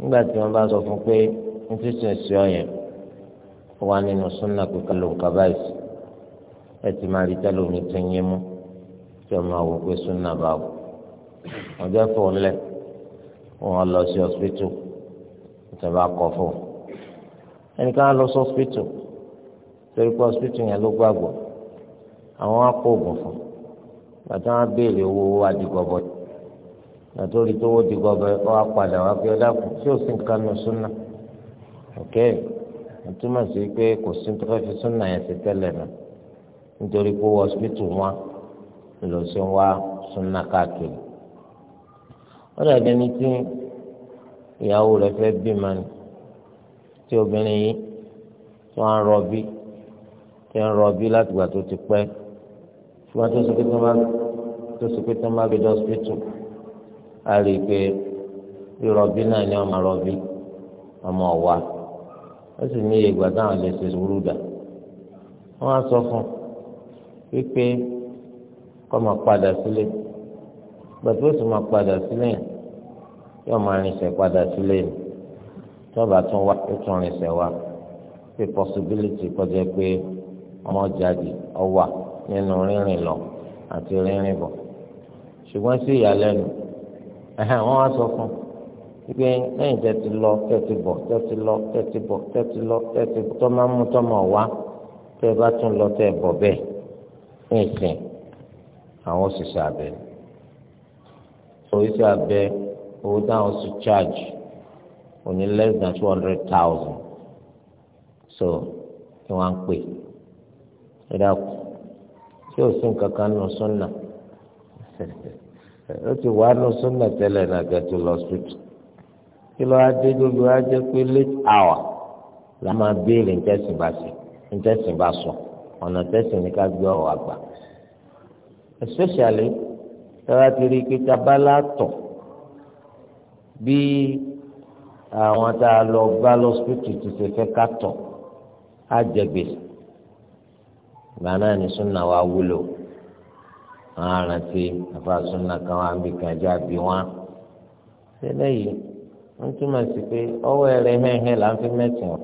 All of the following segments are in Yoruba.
nígbà tí wọ́n bá sọ fún pé ní títún sí ọ yẹn ó wà nínú súnà pípa ló ń ka báyìí ẹ ti máa rí tẹlómi tó ń yé mú tí wọ́n máa wò pé súnà bá wò wọ́n jẹ́ fóun lẹ̀ wọ́n lọ sí ọsibítù ìjọba kọ fóun ẹnìkan lọ sí ọsibítù torí pé ọsibítù yẹn ló gbàgbọ́ àwọn akó oògùn fún bàtà wọn béèrè owó adigunbọ̀tì nàtòrí tó wó ti gọbẹ ọ apàdà wá pé ọdá kù tí ó sì ń kanu súnà ok ìtumọ̀ sí pé kò sí tó fẹ́ fi súnà yẹn ti tẹ́lẹ̀ nà nítorí pé hospital wọn lọ sí wa súnà káàkiri ó dàbí ẹni tí ìyàwó rẹ̀ fẹ́ bímọ ni tí obìnrin yìí tí wọ́n ń rọbí tí ń rọbí látìgbà tó ti pẹ́ tí wọ́n tó sọ pé tó má gbé dọ́sítù a rí i pé rírọbí náà ni ọmọ rọbí ọmọ ọwa ó sì ní ìgbà táwọn lè ṣe sùúrù dà wọn á sọ fún wípé kọ́ máa padà sílé gbàtí ó sì máa padà sílé yẹn yóò máa padà sílé yẹn tún wá ó tún wá pé possibility kọjá pé ọmọ jáde ọwà nínú rínrìn lọ àti rínrìn bọ̀ ṣùgbọ́n sí ìyàlẹ́nu wọ́n wá sọ fún pé lẹ́yìn tẹ́tí lọ tẹ́tí bọ̀ tẹ́tí lọ tẹ́tí bọ̀ tẹ́tí lọ tẹ́tí bọ̀ tọ́ máa ń mú tọ́ máa wá tẹ́ ẹ bá tún lọ tẹ́ ẹ bọ̀ bẹ́ẹ̀ ní ìsìn àwọn òṣìṣẹ́ abẹ òṣìṣẹ́ abẹ owó táwọn sì charge òní less than two hundred thousand so kí wọ́n á pè é dákú tí ò sí nǹkan kan nù sọ́nà. ó ti wà nù súnà tẹ́lẹ̀ náà gẹ̀tù lọ́sítù kí ló wá dé gbogbo wá jẹ́ pé late hour la máa béèrè ntẹ́sìn bá sí ntẹ́sìn bá sọ ọ̀nà tẹ́sìn ní ká gbé ọ̀rọ̀ àgbà especially tẹ́wá ti rí i pé tabalá tọ̀ bí àwọn tá a lọ bá lọ́sítù ti ṣe fẹ́ ká tọ̀ á jẹ gbèsè gbàná ni súnà wa wúlò àwọn arántí àfàsúnà kan wà níbi kan ẹjọ́ àbí wọn. tẹ́lẹ̀ yìí wọ́n túmọ̀ sí pé ọwọ́ ẹ̀rẹ̀ hẹ́hẹ́ là ń fi mẹ́sìn ọ̀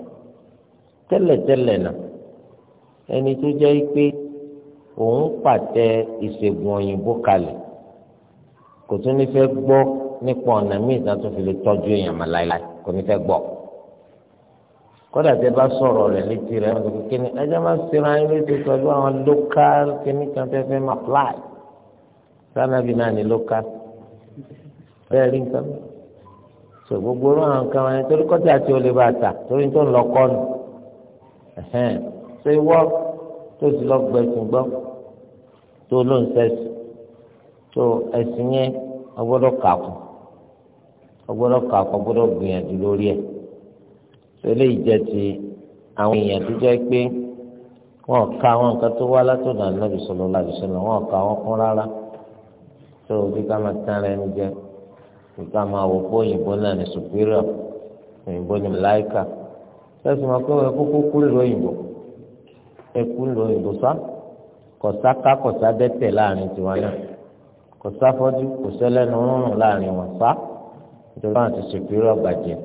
tẹ́lẹ̀tẹ́lẹ̀ náà ẹni tó jẹ́ pé òun pàtẹ ìṣègùn òyìnbó kalẹ̀ kò tún ní fẹ́ gbọ́ nípa ọ̀nà míì náà tó fi lè tọ́jú èèyàn mọ́ láéláé kò ní fẹ́ gbọ́ kódà tẹ bá sọ̀rọ̀ rẹ̀ létí rẹ̀ ọ̀dọ̀ kékeré ẹjọ́ máa ń sinra ẹni létí pẹ̀lú àwọn local clinic kan tẹ́ fẹ́ máa apply sábàbí náà ni ló ká bẹ́ẹ̀ rí nǹkan sọ gbogbo ọ̀rọ̀ àwọn kan wọn torí kọ́tí àti olè bá ta torí tó ń lọ kọ́nu ṣé wọ́ tó ti lọ gbẹ̀sùn gbọ́ tó ló ń sẹ́sùn tó ẹ̀sìn yẹn ọgbọ́dọ̀ kàkùn ọgbọ́dọ̀ kàkùn ọgbọ́dọ̀ gbìyànjú lórí ẹ̀ ṣé eléyìí jẹ́ ti àwọn èèyàn tó jẹ́ pé wọ́n ka àwọn nǹkan tó wá látọ̀dọ̀ ànábì sallallahu wọ́n ka àwọn kún rárá tó bí ká máa tán ara ẹni jẹ bí ká máa wò pé òyìnbó náà ní superior òyìnbó ní màláíkà sẹ́sìn máa pé ẹ̀kúkú kúrò lóyìnbó ẹ̀kú lóyìnbó sá kọ̀sá ká kọ̀sá dẹ́tẹ̀ láàrin tiwọn náà kọ̀sá fọ́jú kọ̀sá lẹ́nu rúnrún láàrin wọn sá nítorí wọn ti superior gbàjẹ́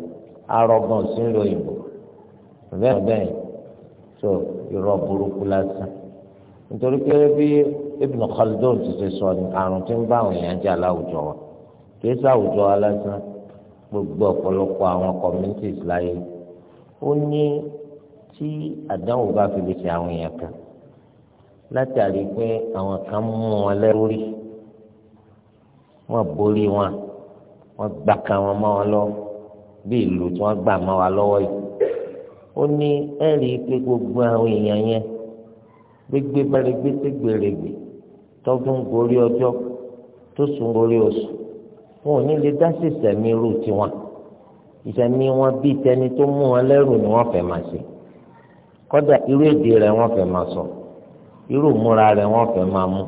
arọ́gbọ́n sí lóyìnbó bẹ́ẹ̀ bẹ́ẹ̀ tó irọ́ burúkú lásán nítorí pé bí Ibn Khaldun ti ṣe sọ ní àrùn tí ń bá àwọn èèyàn jà láwùjọ wa kìí sáwùjọ alásán gbogbo ọ̀pọ̀lọpọ̀ àwọn communities láyé ó ní tí àdánwò bá fi lè ṣe àwọn èèyàn kan látàrí pé àwọn kan mú wọn lẹ́rú rí wọ́n borí wọn wọ́n gbà ka wọn mọ́ wọn lọ bí ìlú tí wọ́n gbà mọ́ wa lọ́wọ́ yìí ó ní ẹ̀rí pé gbogbo àwọn èèyàn yẹn gbégbé bá lè gbé ségbèrègbè. tọ́gbọ́n gorí ọjọ tó sùn gorí oṣù wọn ò ní lè dá sí ìsẹ̀mí irú tiwọn ìsẹ̀mí wọn bíi tẹni tó mú wọn ni wọ́n fẹ́ máa ṣe kọ́dà irú èdè rẹ̀ wọ́n fẹ́ máa sọ irú múra rẹ̀ wọ́n fẹ́ máa mú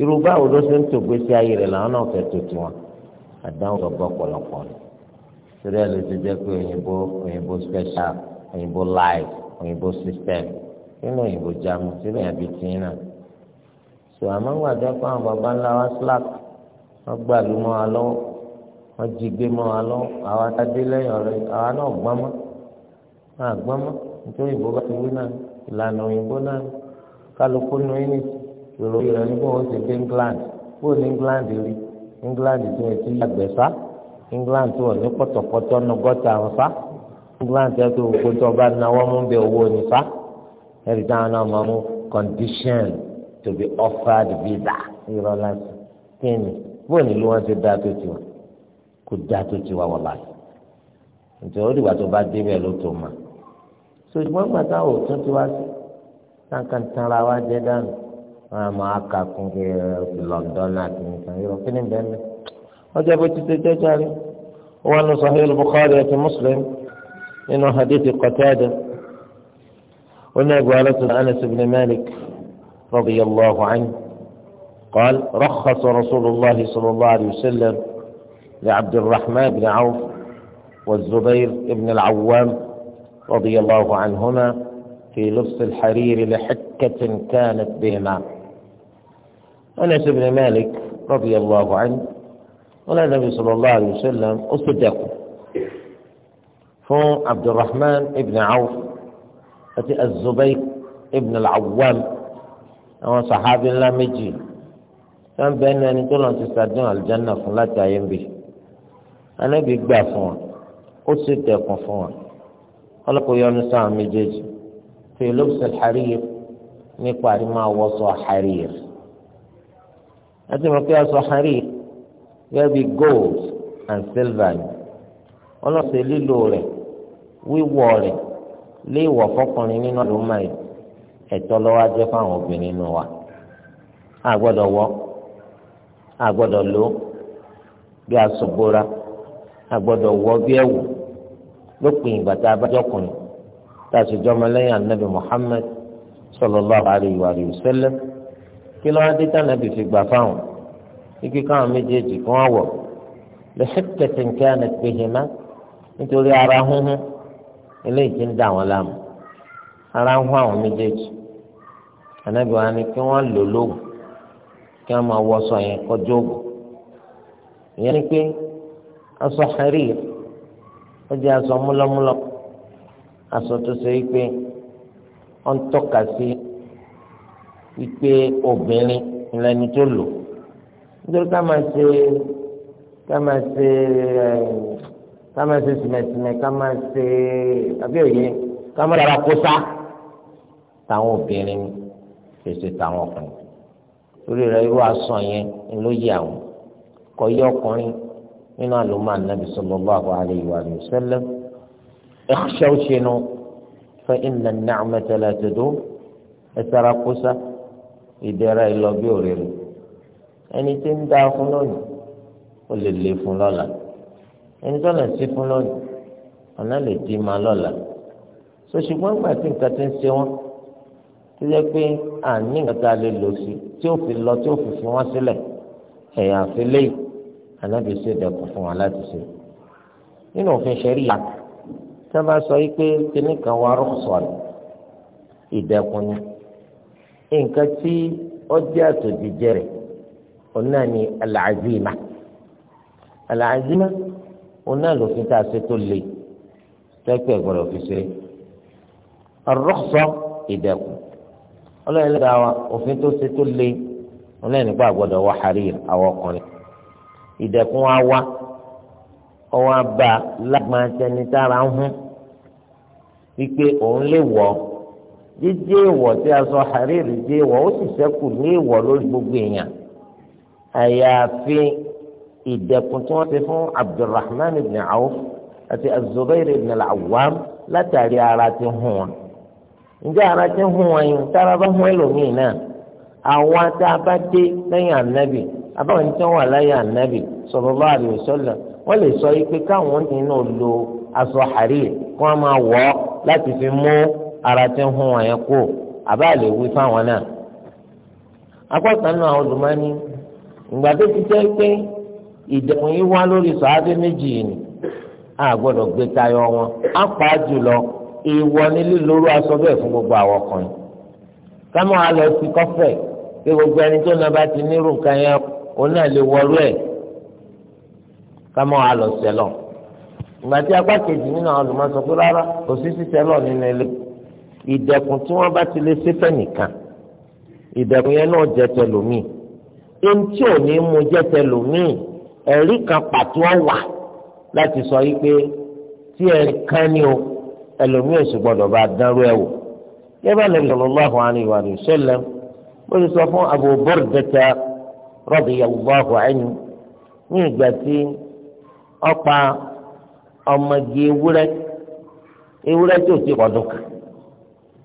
irú báwo ló ṣe ń tò gbèsè ayé rẹ̀ làwọn náà fẹ́ tó tiwọn àdáhùn ti pé òyìnbó special òyìnbó life òyìnbó system nínú òyìnbó jamu siri àbí tìǹà sọ àmọ́ ń gbàdá fún àwọn baba ńlá wa slack wọ́n gbà ló mọ́ wa lọ́wọ́ wọ́n jí gbé mọ́ wa lọ́wọ́ àwa ta dé lẹ́yìn ọ̀rẹ́ àwa náà gbọ́n mọ́ náà gbọ́n mọ́ nítorí ìbò bá ti wí náà ìlànà òyìnbó náà kálukú nu ẹni ìròyìn rẹ̀ nígbà wọ́n ti dé England bó ní England rí England tí wọ́n ti yàgbẹ́ sá England tí wọ́n ní pọ̀tọ̀pọ̀tọ̀ nu gọ́tà wọn sá England tí wọ́n ti wò pé tí wọ́n bá náwó mú bẹ owó ní sá ẹ̀rí táwọn náà máa mú condition to be offered visa irọ́ lásì kíni bó ni ló wọn ti dá tó tiwa kó dá tó tiwa wà láti nítorí ó dìgbà tó bá débẹ̀ ló tó ma so ìgbọ́n gbàtà ò tún tiwa sí tankan tanra wa jẹ dànù wọn a máa kà kún kí London àti nìkan irọ́ kí ni bẹ́ẹ̀ mi ọjọ́ bó ti tẹ́jọ́ járe wọn nu Sahih al-Bukhari àti Muslim nínú hadith Qatada ó ní ẹgbẹ́ alẹ́ tó ní Anas ibn Malik. رضي الله عنه قال رخص رسول الله صلى الله عليه وسلم لعبد الرحمن بن عوف والزبير بن العوام رضي الله عنهما في لبس الحرير لحكة كانت بهما أنس بن مالك رضي الله عنه قال النبي صلى الله عليه وسلم أصدق فهو عبد الرحمن بن عوف أتي الزبير بن العوام àwọn sàhábì ńlá méjì wọn bẹ ẹnu ẹni tó lọ ti sàdún àlùjáná fún láti ayé ń bì anábì gbà fún wọn ó sì dẹkùn fún wọn ọlọpàá yọnu sáà méjèèjì fi lóbsẹ hàríyè nípa àti máa wọṣọ hàríyè láti mọ pé aṣọ hàríyè yẹ bi gold and silver ni ọlọsẹ lílo rẹ̀ wíwọ̀ rẹ̀ léèwọ̀ fọkùnrin nínú àlùmáyé. ẹ̀tọ́ lọ́wọ́ á jẹ́ fáwọn obìnrin nù wa a gbọ́dọ̀ wọ̀ a gbọ́dọ̀ lò bí aṣọbora a gbọ́dọ̀ wọ̀ bí ẹ̀wù lópin ìgbà tá a bá tá a sì anabi Muhammad sallallahu alayhi wa sallam kí ló nàbì fi gbà fáwọn káwọn méjèèjì wọ lẹsẹkẹsẹ nítorí ara húnhún eléyìí ti ń dà wọn ara ń ànábì wa ni kí wọ́n lò lóògùn kí wọ́n máa wọṣọ yẹn kọjú òògùn ìyẹn ni pé aṣọ xẹ́rì ó jẹ́ aṣọ múlọ́múlọ́ aṣọ tó ṣe wípé ó ń tọ́ka sí wípé obìnrin lẹni tó lò nítorí ká máa ṣe ká máa ṣe ká máa ṣe sìmẹ̀sìmẹ̀ ká máa ṣe àbí òye ká máa dára kó táwọn obìnrin ni fèsì táwọn ọkùnrin torí rẹ̀ irú aṣọ yẹn ló yẹ àwọn kọ yẹ ọkùnrin nínú àlùmọ ànábì sallallahu alayhi wa sallam ikhshawshinu fa inna an-ni'mata la tadum ẹsẹra kúsá ìdẹ̀ra ìlọ bí òrèrè ẹni tí ń dáa fún lónìí ó lè lè fún lọ́la ẹni tó lè sí fún lónìí ọ̀nà lè dì í ma sọ ṣùgbọ́n gbà tí nǹkan ti ń ṣe wọn tó jẹ́ pé àní nǹkan tá a lè lò sí tí ó fi lọ tí ó fi fi wọ́n sílẹ̀ ẹ̀yà àfilẹ́ yìí ànábì ṣe dẹ̀kun fún wa láti ṣe. nínú òfin ṣẹ́ríà tí wọ́n bá sọ yìí pé kíní kan wà rọ́ọ̀sọ̀rọ̀ ìdẹ̀kun ni nǹkan tí ó jẹ́ àtòjìjẹ rẹ̀ òun náà ni alàzìmá alàzìmá òun náà lòfin tá a ṣe tó le tẹ́pẹ́ gbọ́dọ̀ fi ṣe rọ́ọ̀sọ̀ ìdẹ̀kun ọlọ́run lè dáa wa òfin tó ṣe tó le ọlọ́run nípa àgbọ̀dọ̀ wá harir àwọn ọkùnrin ìdẹ̀kùn wa wá ọwọ́ abá lágbàtẹni tára ń hún wípé òun lè wọ̀ jíjẹ́ ìwọ̀ tí a sọ harir jẹ́ ìwọ̀ ó sì ṣẹ́kù ní ìwọ̀ lórí gbogbo èèyàn àyàfi ìdẹ̀kùn tí wọ́n ti fún Abdulrahman ibn Awf àti az ibn al látàrí ara ti hún ndị ara ti ń hun wọn yìí bá hun ẹlòmíì náà àwọn tá a bá dé lẹ́yìn ànábì àbáwọn ẹni tí wọ́n wà lẹ́yìn lè sọ pé káwọn ti náà lo aṣọ máa láti fi mú ara ti ń hun wọn wí fáwọn náà. náà olùmọ́ni ìgbà tó ti jẹ́ pé ìdẹ̀kùn yìí wá a gbọ́dọ̀ gbé tayọ wọn á pa jùlọ ìwọ ní lílórú aṣọ bẹ́ẹ̀ fún gbogbo àwọn ọkùnrin kámọ́ alẹ́ fi kọ́fẹ̀ pé gbogbo ẹni tó náà bá ti nírú nǹkan yẹn òun náà lè wọlú ẹ̀ kámọ́ alọ sẹlọ ìgbà tí apá kejì nínú àwọn olùmọ̀ sọ pé rárá kò sí sí sẹlọ nínú ilé ìdẹ̀kùn tí wọ́n bá ti lè ṣe fẹ́ nìkan ìdẹ̀kùn yẹn náà jẹ́ tẹlòmíì ẹni tí ò ní mú jẹ́ tẹlòmíì ẹ̀rí kan pàtó wà láti sọ yìí pé tí ẹ̀rí kan ni o ẹlòmíì sì gbọ́dọ̀ bá dánrú ẹ̀ wò yẹ́bà nàbì sallallahu alayhi wa sallam ó ti sọ fún Abu Burdata radiyallahu anhu ní ìgbà tí ó pa ọmọge ewúrẹ́ ewúrẹ́ tó ti kọ̀dọ̀ kan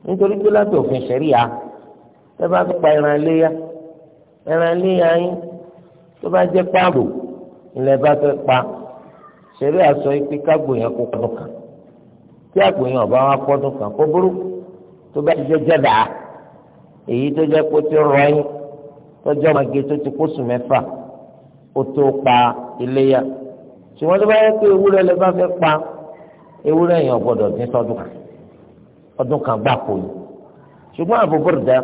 nítorí pé láti òfin ṣẹ̀ríya tẹ́ bá tó pa ẹran iléyà ẹran iléyà yín tó bá jẹ́ páàrò ilẹ̀ bá fẹ́ pa ṣẹ̀ríya sọ pé kágbó yẹn kó kọ̀dọ̀ kan tí àpò yẹn ọba wa pọ́ tún kàn kó burú tó bá jẹ́ jẹ́dà èyí tó jẹ́ kó ti rọ yín tọ́jú ọmọge tó ti kó sùn mẹ́fà ó tó pa iléyà ṣùgbọ́n tó bá yẹ pé ewúrẹ́ lè bá fẹ́ pa ewúrẹ́ yẹn ọ̀gbọ́dọ̀ dín sọ́dún kan ọdún kan gbà kó yìí ṣùgbọ́n Abu Burda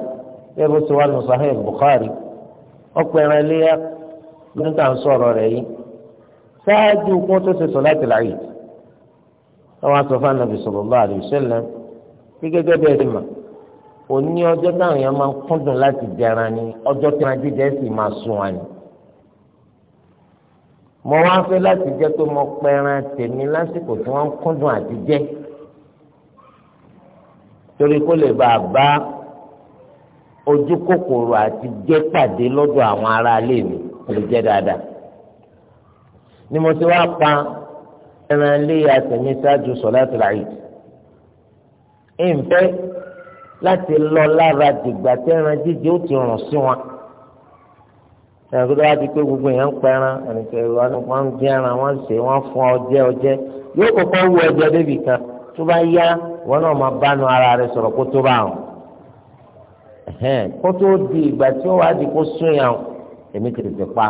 ẹ̀rọ ti wà ní Sahih Bukhari ọ̀pọ̀ ẹran iléyà ló ń tà ń sọ̀rọ̀ rẹ̀ yìí ṣáájú kó tó ṣe sọ láti láàyè àwọn asọ̀fà nàbì sallallahu alaihi wasallam gẹ́gẹ́ bẹ́ẹ̀ ti mà òní ọjọ́ táwọn èèyàn máa ń kúndùn láti jẹran ni ọjọ́ tí wọ́n jíjẹ sì máa sùn wọn ni. mo wá fẹ́ láti jẹ́ pé mo pẹran tèmi lásìkò tí wọ́n ń kúndùn àti jẹ torí kó lè bá a bá ojú kòkòrò àti jẹ pàdé lọ́dọ̀ àwọn aráalé mi kò lè jẹ́ dáadáa ni mo ti wá pa ẹran lé àtẹ̀mí ṣáájú sọ̀láàtì láàyè. ìǹfẹ́ láti lọ lára dìgbà tẹ́ran jíjẹ ó ti rùn sí wọn. ẹ̀rọ tó bá ti pé gbogbo èèyàn ń pẹran ẹ̀rọ wọn ń dín ẹran wọn ṣe wọn fún ọjẹ́ ọjẹ́ yóò kọ́kọ́ wú ọjẹ́ débi kan tó bá yá wọn náà máa bá nu ara rẹ sọ̀rọ̀ kó tó bá wọn. kó tó di ìgbà tí ó wá di kó sún yàn èmi kìrìtì pa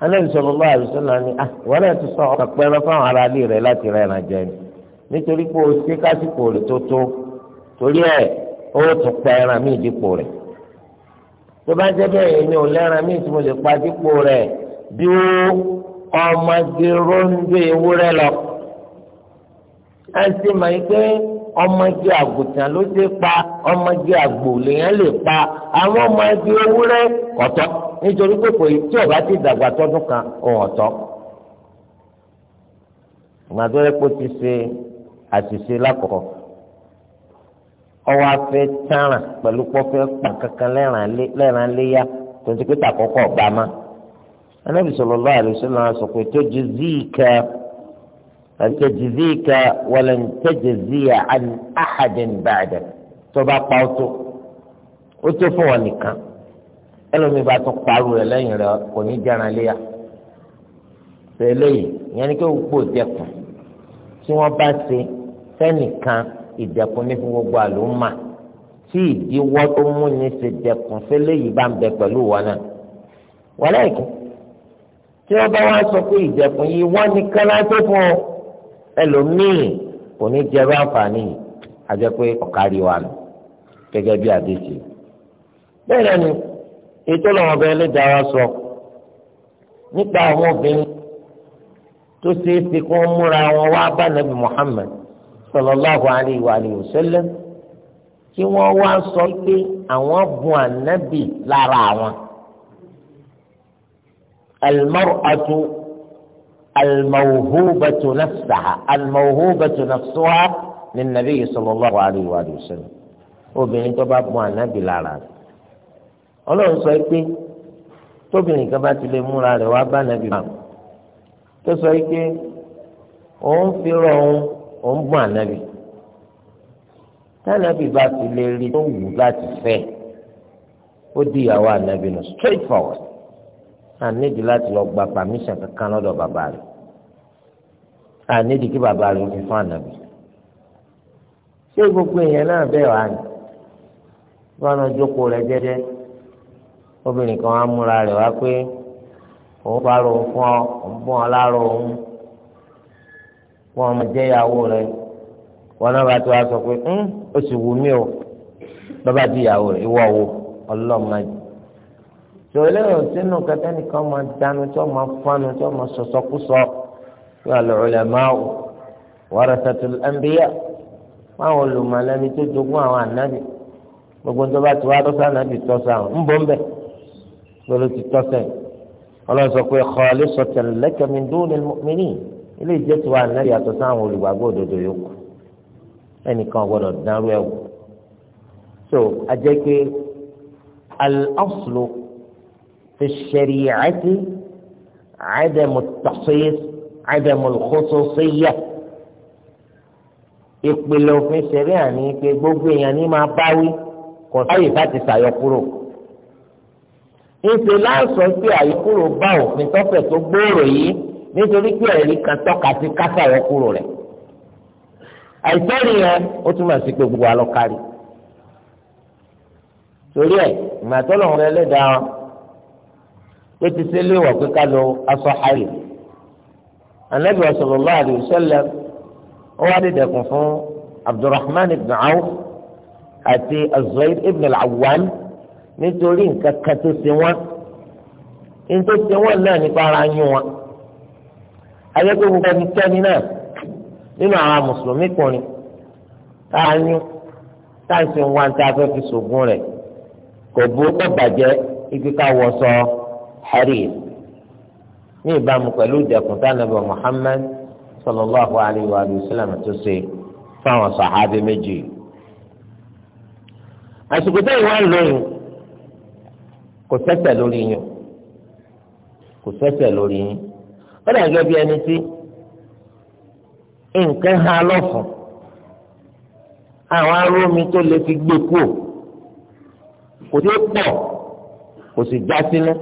anabi sọlọlọ àbísọlọ ni ah wọn náà ti sọ ọkọ pẹrẹ fáwọn ará ilé rẹ láti rẹ ẹran jẹ ni nítorí pé o ṣe kásìkò rẹ tó tó torí ẹ ó tún pa ẹran míì dípò rẹ tó bá jẹ bẹ́ẹ̀ èmi ò lẹ́ran míì tí mo lè pa dípò rẹ bí ó ọmọdé rondo ewúrẹ́ lọ. a ti mọ̀ pé. ọmọge àgùntàn ló dé pa ọmọge àgbò lèèyàn lè pa àwọn ọmọge ewúrẹ́ ọ̀tọ̀ nítorí pé kò tí ọba ti dàgbà tọdún kan ọ̀hún ọ̀tọ̀. ti ṣe àṣìṣe lákọ̀ọ́ ọwọ́ afẹ́ tààràn pẹ̀lú pọ́fẹ́ pàkankan lẹ́ràn léyà tó ti pé tàkọ́kọ́ ọ̀bá má. anábìsọ̀rọ̀ lọ́wọ́ àlùsọ̀rọ̀ فتجزيك ولن تجزي عن أحد بعدك تبقى قوتو وتفونك ẹlòmíì bá tún parú rẹ lẹ́yìn rẹ kò ní jẹran léyà tẹ́lẹ̀ yẹn ni kí gbogbo ìdẹkùn tí wọn bá ṣe fẹnìkan ìdẹkùn ní fún gbogbo àlùmà tí ìdíwọ́ tó mú ní ṣe dẹkùn fẹlẹ yìí bá ń bẹ pẹ̀lú wọn náà wọlé ìkí tí wọn bá wá sọ pé ìdẹkùn yìí wọn nìkan láti fún ọ ẹlòmíì kò ní jẹ bá àǹfààní yìí àjẹ pé ọ̀kárí wa nù gẹ́gẹ́ bí àdéhìí bẹ́ẹ̀ náà ni ètò lọ́wọ́ bẹ́ẹ̀ lè dára sọ nípa àwọn obìnrin tó ṣeé ṣe kí wọ́n múra wọn wá bá nàbì Muhammad sallallahu alayhi wa alihi wa sallam kí wọ́n wá sọ pé àwọn bùn ànábì lára àwọn. al الموهوبة نفسها الموهوبة نفسها للنبي صلى الله عليه وآله وسلم obìnrin tó bá mú ànábì lára rẹ̀ Ọlọ́run sọ pé tóbìnrin kan bá ti lè múra rẹ̀ wá bá ànábì máa tó sọ pé òun fi rọ òun òun bú ànábì tánábì bá ti lè rí tó wù láti fẹ́ ó di ìyàwó ànábì nù straight forward àníbi láti lọ gba permission kankan lọ́dọ̀ bàbá rẹ̀ àníjì kí bàbá rẹ̀ fi fún ànàbì ṣé gbogbo èèyàn náà bẹ́ẹ̀ wá ní wọn jókòó rẹ̀ jẹ́jẹ́ obìnrin kan á múra rẹ̀ wá pé òun bá ro fún ọ òun bọ́ ọ láàárọ̀ òun wọn ọmọ jẹ́ ìyàwó rẹ̀ wọn náà bá tó a sọ pé ń ó sì wù mí o bàbá di ìyàwó rẹ̀ ìwọ wo ọlọ́mọdé tòun lẹ́yìn kẹtẹ́nìkan máa dánu tí wọ́n máa fọ́nu tí wọ́n máa sọ̀sọ́kú sọ. So, al-ulama'u warasatul anbiya fáwọn olùmọ̀lẹ́ni tó jogún àwọn ànábì gbogbo tó bá ti wá tó sànábì tọ́ sáwọn ń bọ́ ń bẹ̀ lórí ti tọ́ sẹ́yìn ọlọ́run sọ pé khalisatan laka min dunil mu'minin ilé ìjẹ́ tiwa ànábì àtọ́ sáwọn olùgbàgbọ́ òdodo yòókù ẹnìkan gbọ́dọ̀ dárú ẹ̀ wò so ajẹ́ pé al-aslu fi ash-shari'ati 'adamu at-takhsis àdàmùl khususiyyah ìpìlẹ̀ òfin ṣẹ̀rí àní pé gbogbo èèyàn ní máa báwí kò sáyè láti ṣàyọkúrò ìṣe láǹsọ pé àyọkúrò bá òfin tọ́fẹ̀ tó gbòòrò yìí nítorí pé ẹ̀rí kan tọ́ka sí kásàyọkúrò rẹ̀ àìsọ́rí yẹn ó túmọ̀ sí pé gbogbo alọ́kárí torí ẹ̀ ìmọ̀tọ́lọ́run ẹlẹ́dàá ó ti ṣe léwọ̀ pé ká lo aṣọ àyè anabi sallallahu alayhi wa sallam ó wá dé dẹkùn fún abdulrahman ibn awf àti azuaid ibn al-awwam nítorí nǹkan kan tó ṣe wọn nítorí tó ṣe wọn náà nípa ara yín wọn ayẹpẹ gbogbo ẹni tẹni náà nínú àwọn mùsùlùmí kùnrin tá a yún tá a ṣe wọn tá a fẹ́ fi ṣògùn rẹ̀ kò bó bàjẹ́ ibi ká wọ sọ harir. ní ìbámu pẹ̀lú ìdẹ̀kùn tánàbí Muhammad sallallahu alayhi wa sallam tó ṣe fáwọn sàhábì méjì. àsìkò tẹ́yìn wá lóyún kò sẹ́sẹ̀ lórí yín kò sẹ́sẹ̀ lórí yín ó dà gẹ́gẹ́ bí ẹni tí nǹkan ha lọ́fun àwọn arómi tó lè fi gbé kò tí ó pọ̀ kò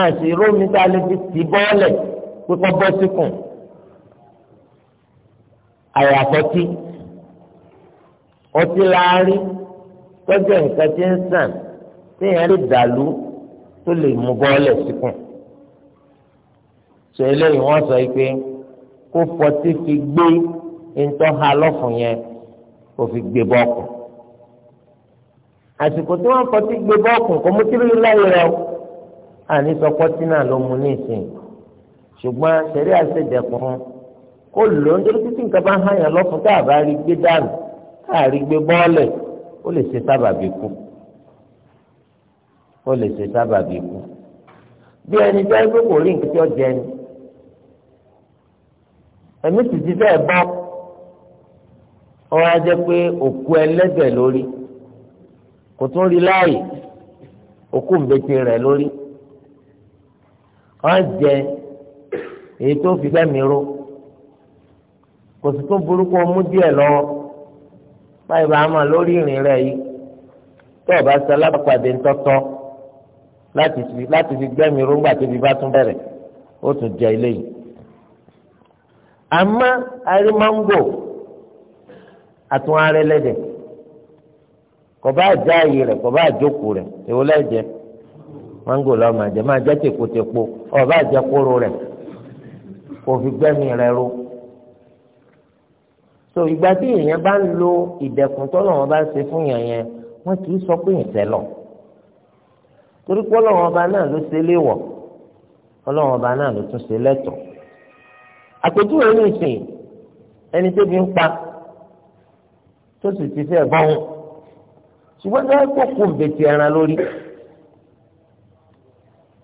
àti rómi tá a lè fi tì bọ́ọ̀lẹ̀ pípọ́ bọ́ síkùn àyàfọ́tí ọtí láàárín tọ́jú nǹkan tí ń sàn téèyàn lè dàlú tó lè mú bọ́ọ̀lẹ̀ síkùn sọ eléyìí wọ́n sọ pé kó fọtí fi gbé ntọ́ha lọ́fun yẹn kó fi gbé bọ́ọ̀kùn àsìkò tí wọ́n fọtí gbé bọ́ọ̀kùn kò mú kí lóyún láyé rẹ o àní sọpọ́tì náà ló mu ní ìsìn ṣùgbọ́n sẹ̀rí àṣẹ̀dẹ̀kùn fún kó lò ó nítorí títí nǹkan bá hàn yàn lọ́fun tá a bá rí gbé dànù tá a rí gbé bọ́ọ̀lẹ̀ ó lè ṣe sábàbí kú ó lè ṣe sábàbí kú bí ẹni tó ẹgbẹ́ kò rí nǹkan tí ó jẹ ni ẹ̀mí sì ti fẹ́ bọ́ ọ wá pé òkú ẹlẹ́dẹ̀ lórí kò tún rí láàyè òkú ń bẹ́tẹ̀ rẹ̀ lórí wọ́n jẹ èyí tó fi bẹ́ẹ̀ mi ró kò sí tó burúkú mú díẹ̀ lọ́wọ́ báyìí bá a mọ̀ lórí ìrìn rẹ̀ yìí tó o bá sọ alábàpàdé ńtọ́tọ́ láti fi gbẹ́mi ró ńgbà tó fi bá tún bẹ̀rẹ̀ ó tún jẹ ilé yìí. àmọ́ arimango àtúnwárẹ́lẹ́dẹ̀ kò bá àjá ààyè rẹ̀ kò bá àjókòó rẹ̀ èwo lẹ́jẹ̀ẹ́ mango lọ máa jẹ máa jẹ tèkótèkó ọba jẹ kóró rẹ kò fi gbẹmí rẹ ro so ìgbà tí èèyàn bá ń lo ìdẹ̀kùn tọ́lọ̀ wọn bá ṣe fún yàn yẹn wọn kì í sọ pé ìtẹ́ lọ torí pé ọlọ́wọ́n ọba náà ló ṣe léwọ̀ ọlọ́wọ́n ọba náà ló tún ṣe lẹ́tọ̀ọ́ àpèjúwe ní ìsìn ẹni tó fi ń pa tó sì ti fẹ́ bọ́hùn ṣùgbọ́n tó yẹ kó kó bètì ẹran lórí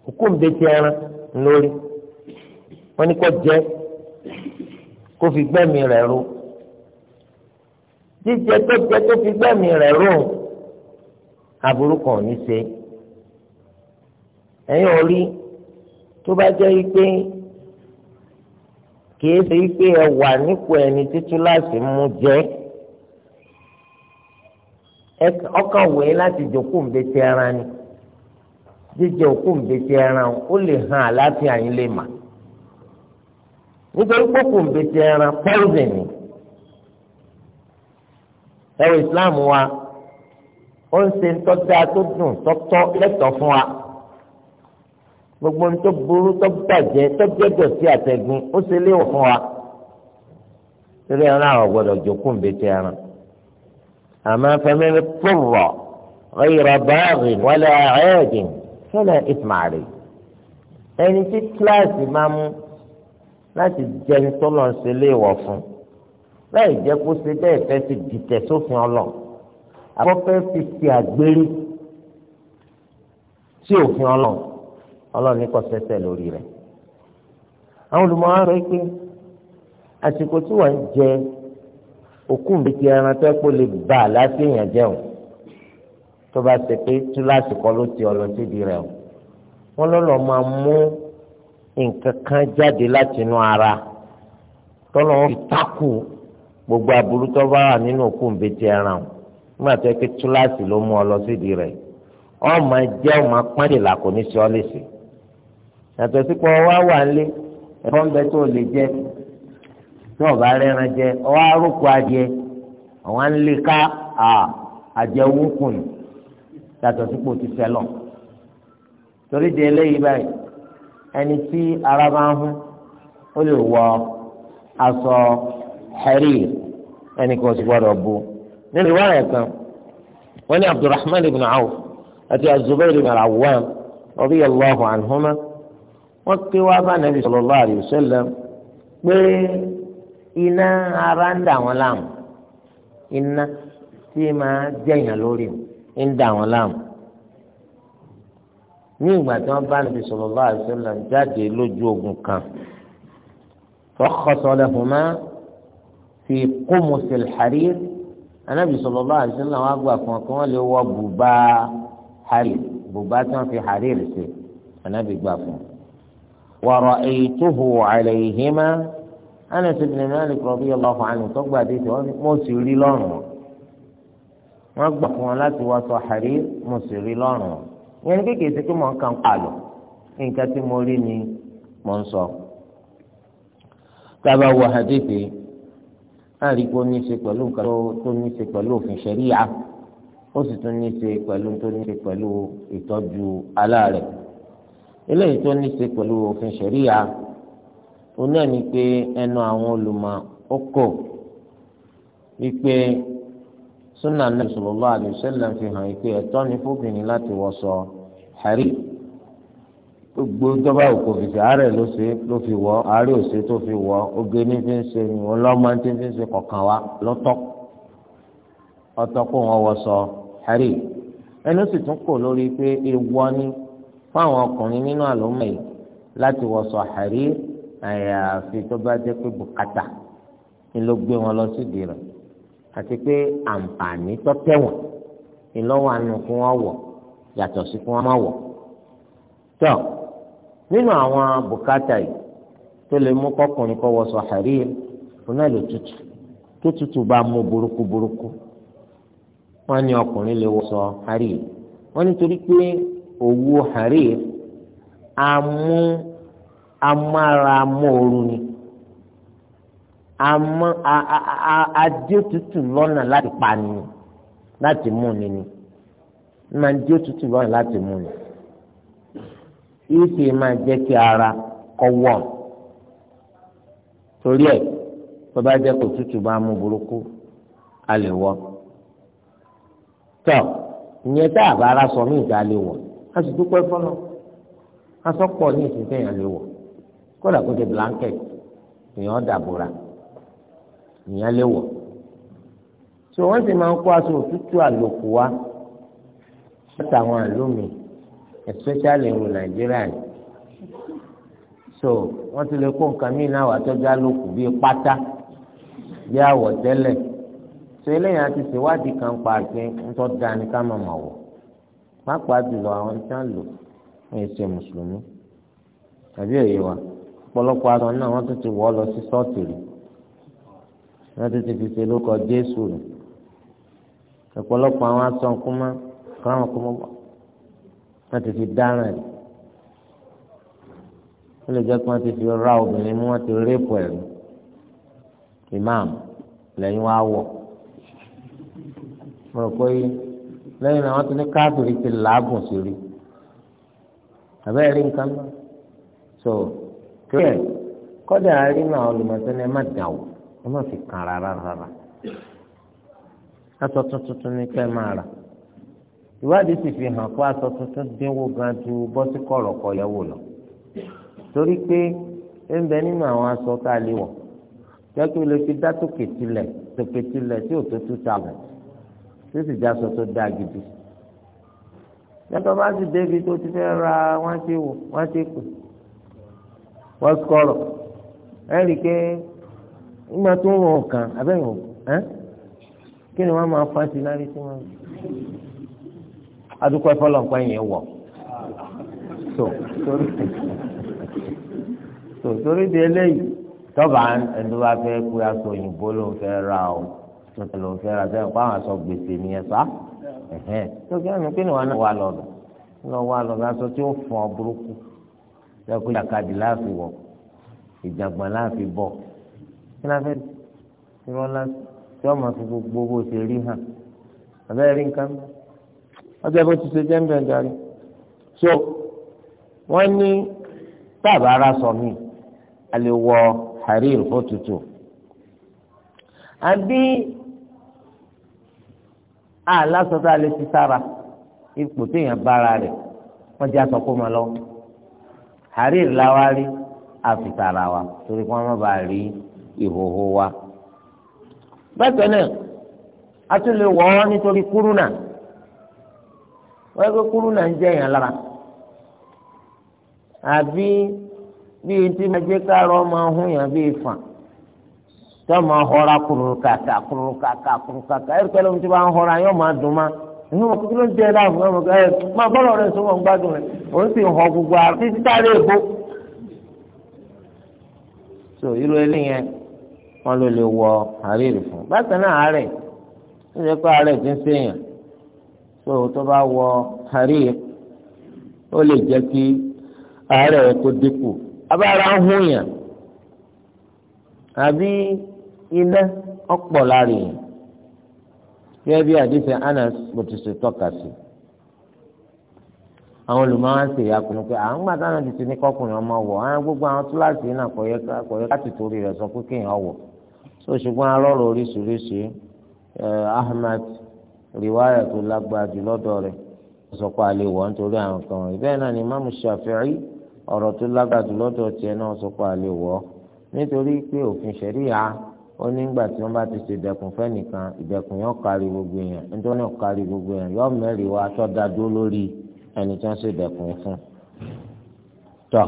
òkú ń bẹ ti ẹran lórí wọn ni kó jẹ kó fi gbẹ̀mí rẹ̀ ró jíjẹ tó jẹ tó fi gbẹ̀mí rẹ̀ ró aburú kan ò ní ṣe ẹ̀yin ò rí tó bá jẹ́ wípé kìí ṣe wípé ẹ wà nípò ẹni títú láti mú jẹ ọkàn wòye láti jòkó ń bẹ ti ẹran ni jíjẹ òkú nbẹ̀tì ẹran ó lè hàn àlàáfíà yín lè mà nítorí pé òkú nbẹ̀tì ẹran poison ni ẹ̀rọ Islam wa ó ń ṣe ńtọ́jà tó dùn tọ́tọ́ lẹ́tọ̀ọ́ fún wa gbogbo ń tó burú tó bàjẹ́ tó gbẹ́dọ̀ sí àtẹ̀gùn ó ṣe léwọ̀ fún wa torí ẹran àwọn gbọ́dọ̀ jókòó nbẹ̀tì ẹran àmọ́ afẹ́mẹ́rin pọ̀rọ̀ ọ̀yẹ̀rọ̀ báàgì wọlé ẹ̀ẹ́dìn fẹ́lẹ̀ ìtìmàrè ẹni tí kíláàsì máa mú láti jẹni tó lọ ṣe léèwọ̀ fún láì jẹ́ kó ṣe bẹ́ẹ̀ fẹ́ ti dìtẹ̀ sófin ọlọ àkọ́fẹ́ fi ti àgbérí sí òfin ọlọ ọlọ́ọ̀ni kò sẹ́sẹ̀ lórí rẹ̀ àwọn olùmọ̀ọ́ rẹ̀ pé àsìkò tí wọ́n ń jẹ òkú mi ti ẹran tẹ́ kó lè bà láti èèyàn jẹun tó bá ṣe pé túláàsì kọ́ ló ti ọ̀lọ́ síbi rẹ̀ o wọ́n lọ́lọ́ máa mú nǹkan kan jáde láti inú ara tọ́lọ́ fi tákù gbogbo aburú tó bá wà nínú òkú nbẹ́tì ẹran o nígbà tó yẹ pé túláàsì ló mú ọ lọ síbi rẹ̀ ọ máa jẹ́ ọ làkò ní sọ yàtọ̀ sí pé wà ń ẹ̀fọ́ ń bẹ tó lè jẹ tí ọba rẹran jẹ ọwọ́ arókò adìẹ àwọn ń lè ká àjẹwò kùnú yàtọ̀ sípò ti fẹ́ lọ. torí di eléyìí báyìí ẹni tí ara máa ń hún ó lè wọ aṣọ harir ẹni kò sì gbọdọ̀ bu nínú ìwáyà kan wọ́n ní abdulrahman ibn awf àti azubair ibn awwam radiyallahu anhuma wọ́n ké wá bá nàbì sallallahu alayhi pé iná ara ń dà wọ́n láàmú iná tí máa jẹ̀yàn lórí mu ń dà wọn láàmú ní ìgbà tí wọn bá nàbì sallallahu alaihi wasallam jáde lójú ogun kan fọkọsọ lẹhùnmá fi kómosil harir anabi sallallahu alaihi wasallam wọn àgbà kan kí wọn lè wọ bùbá harir bùbá tí wọn fi harir ṣe anabi gbà fún wọrọ èyítúhù àlẹyìhìmá anabi ibn Malik radiyallahu anhu tó gbàdé tí wọn mọ sí rí lọrùn wọ́n gbà fún wọn láti wá sọ àrí mùsùlùmí lọ́rùn ìyẹn ní kékeré sí pé mò ń kàn palọ̀ nǹkan tí mo rí ni mò ń sọ. tábà wọ hadithi náà rí pé ó ní í ṣe pẹ̀lú nǹkan tó ní í ṣe pẹ̀lú òfin ṣẹ̀ríyà ó sì tún ní í ṣe pẹ̀lú tó ní í ṣe pẹ̀lú ìtọ́jú aláàrẹ̀ eléyìí tó ní í ṣe pẹ̀lú òfin ṣẹ̀ríyà ó náà ní pé ẹnu àwọn olùmọ̀ ó kò wípé súnà nàbì sallallahu alaihi wasallam fi hàn pé ẹ̀tọ́ ni fóbìnrin láti wọṣọ àrí gbogbo ìjọba òkò fìfì àárẹ̀ ló ṣe ló fi wọ àárẹ̀ òṣè tó fi wọ oge ní fi ń ṣe ni ọlọ́mọ tí ń fi ń ṣe kọ̀ọ̀kan wa lọ́tọ̀ ọtọ kó wọn wọṣọ àrí ẹnu sì tún kò lórí pé ewọ ni fáwọn ọkùnrin nínú àlọ́mọ yìí láti wọṣọ àrí àyàfi tó bá jẹ́ pé bùkátà ni ló gbé wọn lọ sídìí rẹ̀ àti pé àǹfààní tó tẹ̀wọ̀n ìlọ́wọ́ àánú kí wọ́n wọ̀ yàtọ̀ sí kí wọ́n má wọ̀. tó nínú àwọn bùkátà yìí tó lè mú kọkùnrin kọ́ wọṣọ harir fún náà lè tutù tó tutù bá mú burúkú burúkú wọ́n ní ọkùnrin lè wọṣọ harir wọ́n nítorí pé òwú harir amú amára amóoru ni àmọ́ adé òtútù lọ́nà láti pa ni láti mú ni ni máa dé òtútù lọ́nà láti mú ni ìfì máa jẹ́ kí ara kọ́ wọ̀ torí ẹ̀ tó bá jẹ́ kó òtútù bá mú burúkú a lè wọ̀ tọ́ ìyẹn tá a bá ara sọ ní ìdá lè wọ̀ a sì dúpẹ́ fọ́nà aṣọ pọ̀ ní ìsinsìnyí a lè wọ̀ kódà kó di blanket èèyàn dàbòrà nìyẹn lè wọ̀ tí wọ́n sì máa ń kó aṣọ òtútù àlòkù wa látàwọn àlómi especially ìlú nàìjíríà yìí so wọ́n ti lè kó nǹkan míì náà wà tọ́jú àlòkù bíi pátá bíi àwọ̀tẹ́lẹ̀ so eléyìí àti ṣèwádìí kan pa àti ńtọ́ dání ká mọ̀ mọ̀ wọ̀ pàápàá jùlọ àwọn tí wọ́n lò wọ́n ṣe mùsùlùmí tàbí òye wa ọ̀pọ̀lọpọ̀ aṣọ náà wọ́n tún ti wọ̀ ọ́ lọ sí ṣọ́ọ̀tì rí wọ́n ti ti fi ṣe lóko jésù nù ọ̀pọ̀lọpọ̀ àwọn asọ̀nkúmá káwọn kúmọ́ wọ́n ti fi dáràn rẹ̀ ó lè jẹ́ pé wọ́n ti fi ra obìnrin mú wọ́n ti rẹ́pù ẹ̀ nù ìmáàmù lẹ́yìn wá wọ̀ mo rò pé lẹ́yìn náà wọ́n ti ní káàkiri ti làágùn sí rí àbẹ́rẹ́ rí nǹkan náà so kí ẹ̀ kọ́dà rí náà olùmọ̀tẹ́ni ẹ má dà wọ́. wọ́n má fi kàn rárá rárá aṣọ tuntun ní kẹ́ máa rà ìwádìí sì fi hàn pé aṣọ tuntun dínwó gan ju bọ́sí kọ̀rọ̀kọ̀ yẹ̀wò lọ torí pé ń bẹ nínú àwọn aṣọ tá a lè wọ̀ jẹ́kí o lè fi dá tòkè tilẹ̀ tòkè tilẹ̀ tí ò tó tú sàmù tó sì já sọ tó dáa gidi. Yàtọ̀ bá ti débi tó ti fẹ́ ra wọ́n ti wọ́n ti kù wọ́n sọ̀rọ̀ ẹ rí i pé nígbà tó ń wọn kàn abẹ́yẹ̀wò ẹ́ kí ni wọ́n máa fa sí lárí sí wọn. adúpọ̀ ìfọlọ́npọ̀ yẹn wọ̀ so torí so torí di eléyìí tọ́ba ẹ̀dọ́ba fẹ́ pé aṣọ òyìnbó ló ń fẹ́ ra o ló ń fẹ́ ra sẹ́yìn pé àwọn aṣọ gbèsè ni ẹ sá tó kí ẹnu kí ni wọn wà lọ́dọ̀ lọ wà lọ́dọ̀ aṣọ tí ó fọ́n burúkú sẹ́kù yàkadì láàfin wọ̀ ìjàgbọ̀n láàfin bọ̀ kí la fẹ́ irọ́ lásán tí wọ́n máa fi gbogbo bó ṣe rí hàn àbẹ́rẹ́ rí nǹkan wọ́n jẹ́ bó ti ṣe jẹ́ ń so wọ́n ní tábà ara sọ mí a lè wọ harir ó tutù àbí àlásọ̀tà lè fi sára ipò téèyàn bára rẹ̀ wọ́n jẹ́ aṣọ kó máa lọ harir láwa rí àfitàrà wa torí kí wọ́n má bàa rí i. ìhòhò wa bákan náà a tún lè wọ̀ ọ́ nítorí kúrúnà wọ́n gbé kúrúnà ń jẹ́ lára àbí bíi tí jẹ́ máa hún yàn bíi fà tí wọ́n họra yóò máa dùn inú wọn ń jẹ láàbù ẹ bọ́lọ̀ rẹ gbádùn rẹ sì họ gbogbo wọn ló lè wọ àárẹ̀ fún bákan náà àárẹ̀ ó lè kọ́ àárẹ̀ tí ń sèyàn tó tó bá wọ àárẹ̀ ó lè jẹ́ kí àárẹ̀ kó dínkù abára ń hún yàn àbí iná ọ̀pọ̀ lára yẹn bí Anas bó ti ṣe tọ́ka sí àwọn pé ti ti ní kọkùnrin ọmọ gbogbo àwọn túláàsì náà torí so ṣùgbọ́n arọ́rọ̀ oríṣiríṣi Ahmad riwaya tó lágbára jù lọ́dọ̀ rẹ̀ sọ pé a lè wọ̀ nítorí àwọn kan wọ̀nyí bẹ́ẹ̀ náà ni Imamu Shafi'i ọ̀rọ̀ tó lágbára jù lọ́dọ̀ tiẹ̀ náà sọ pé a lè wọ̀ nítorí pé òfin ṣẹ̀ríyà ó nígbà tí wọ́n bá ti ṣe ìdẹ̀kùn fẹ́nìkan ìdẹ̀kùn yóò kárí gbogbo èèyàn nítorí yóò kárí gbogbo èèyàn yóò mẹ́rin wa tó dá dúró lórí ẹni tí wọ́n ṣe ìdẹ̀kùn fún. tọ́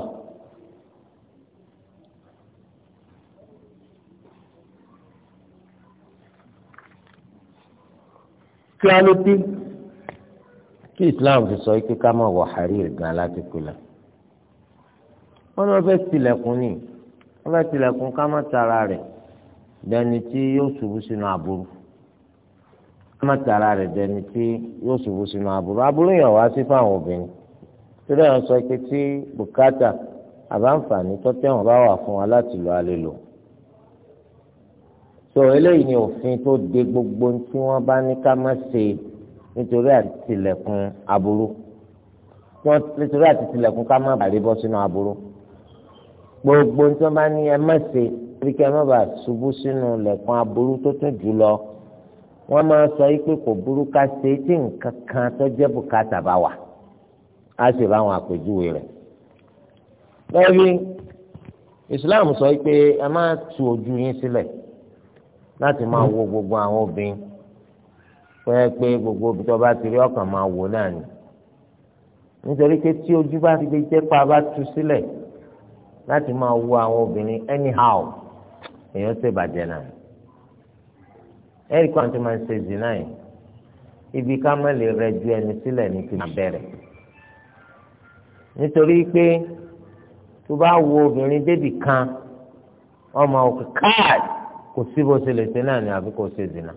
kí á ló dé kí islam ti sọ pé ká máa wọ harir gan láti pilẹ̀ wọ́n ní wọ́n fẹ́ tilẹ̀kùn ni wọ́n fẹ́ tilẹ̀kùn ká má tara rẹ̀ dẹni tí yóò ṣubú sínú aburú ká má tara rẹ̀ dẹni tí yóò ṣubú sínú aburú aburú yàn wá sí fáwọn obìnrin tí lóyún sọ pé tí bùkátà àbáǹfààní tọ́tẹ̀wọ̀n bá wà fún wa láti lọ alẹ́ lò so eléyìí ni òfin tó de gbogbo tí wọ́n bá ní ká má ṣe nítorí àtìlẹ̀kùn aburú nítorí àtìlẹ̀kùn ká má bàrí bọ́ sínú aburú gbogbo tí wọ́n bá ní ẹ má ṣe bí kí ẹ má bàa ṣubú sínú lẹ̀kùn aburú tó tún jù lọ wọ́n máa sọ yìí pé kò burú ká ṣe tí nǹkan kan tó jẹ́ bùkátà bá wà á sì báwọn àpèjúwe rẹ̀ lọ́wọ́ bí Islam sọ yìí pé ẹ má tu ojú yín sílẹ̀. Si láti máa wo gbogbo àwọn obìnrin pẹ́ pé gbogbo obìnrin tó bá ti rí ọkàn máa wò náà ni nítorí pé tí ojú bá ti lè jẹ́ bá tú sílẹ̀ láti máa wo àwọn obìnrin anyhow èèyàn ṣe bàjẹ́ náà ẹ̀rí kan tó máa ń ṣe zina yìí ibi ká má lè rẹ ju ẹni sílẹ̀ ní ti máa bẹ̀rẹ̀ nítorí pé tó bá wo obìnrin débì kan ọmọ òkè káàdì kò sí bó ṣe lè ṣe náà ni àbí kò ṣe zina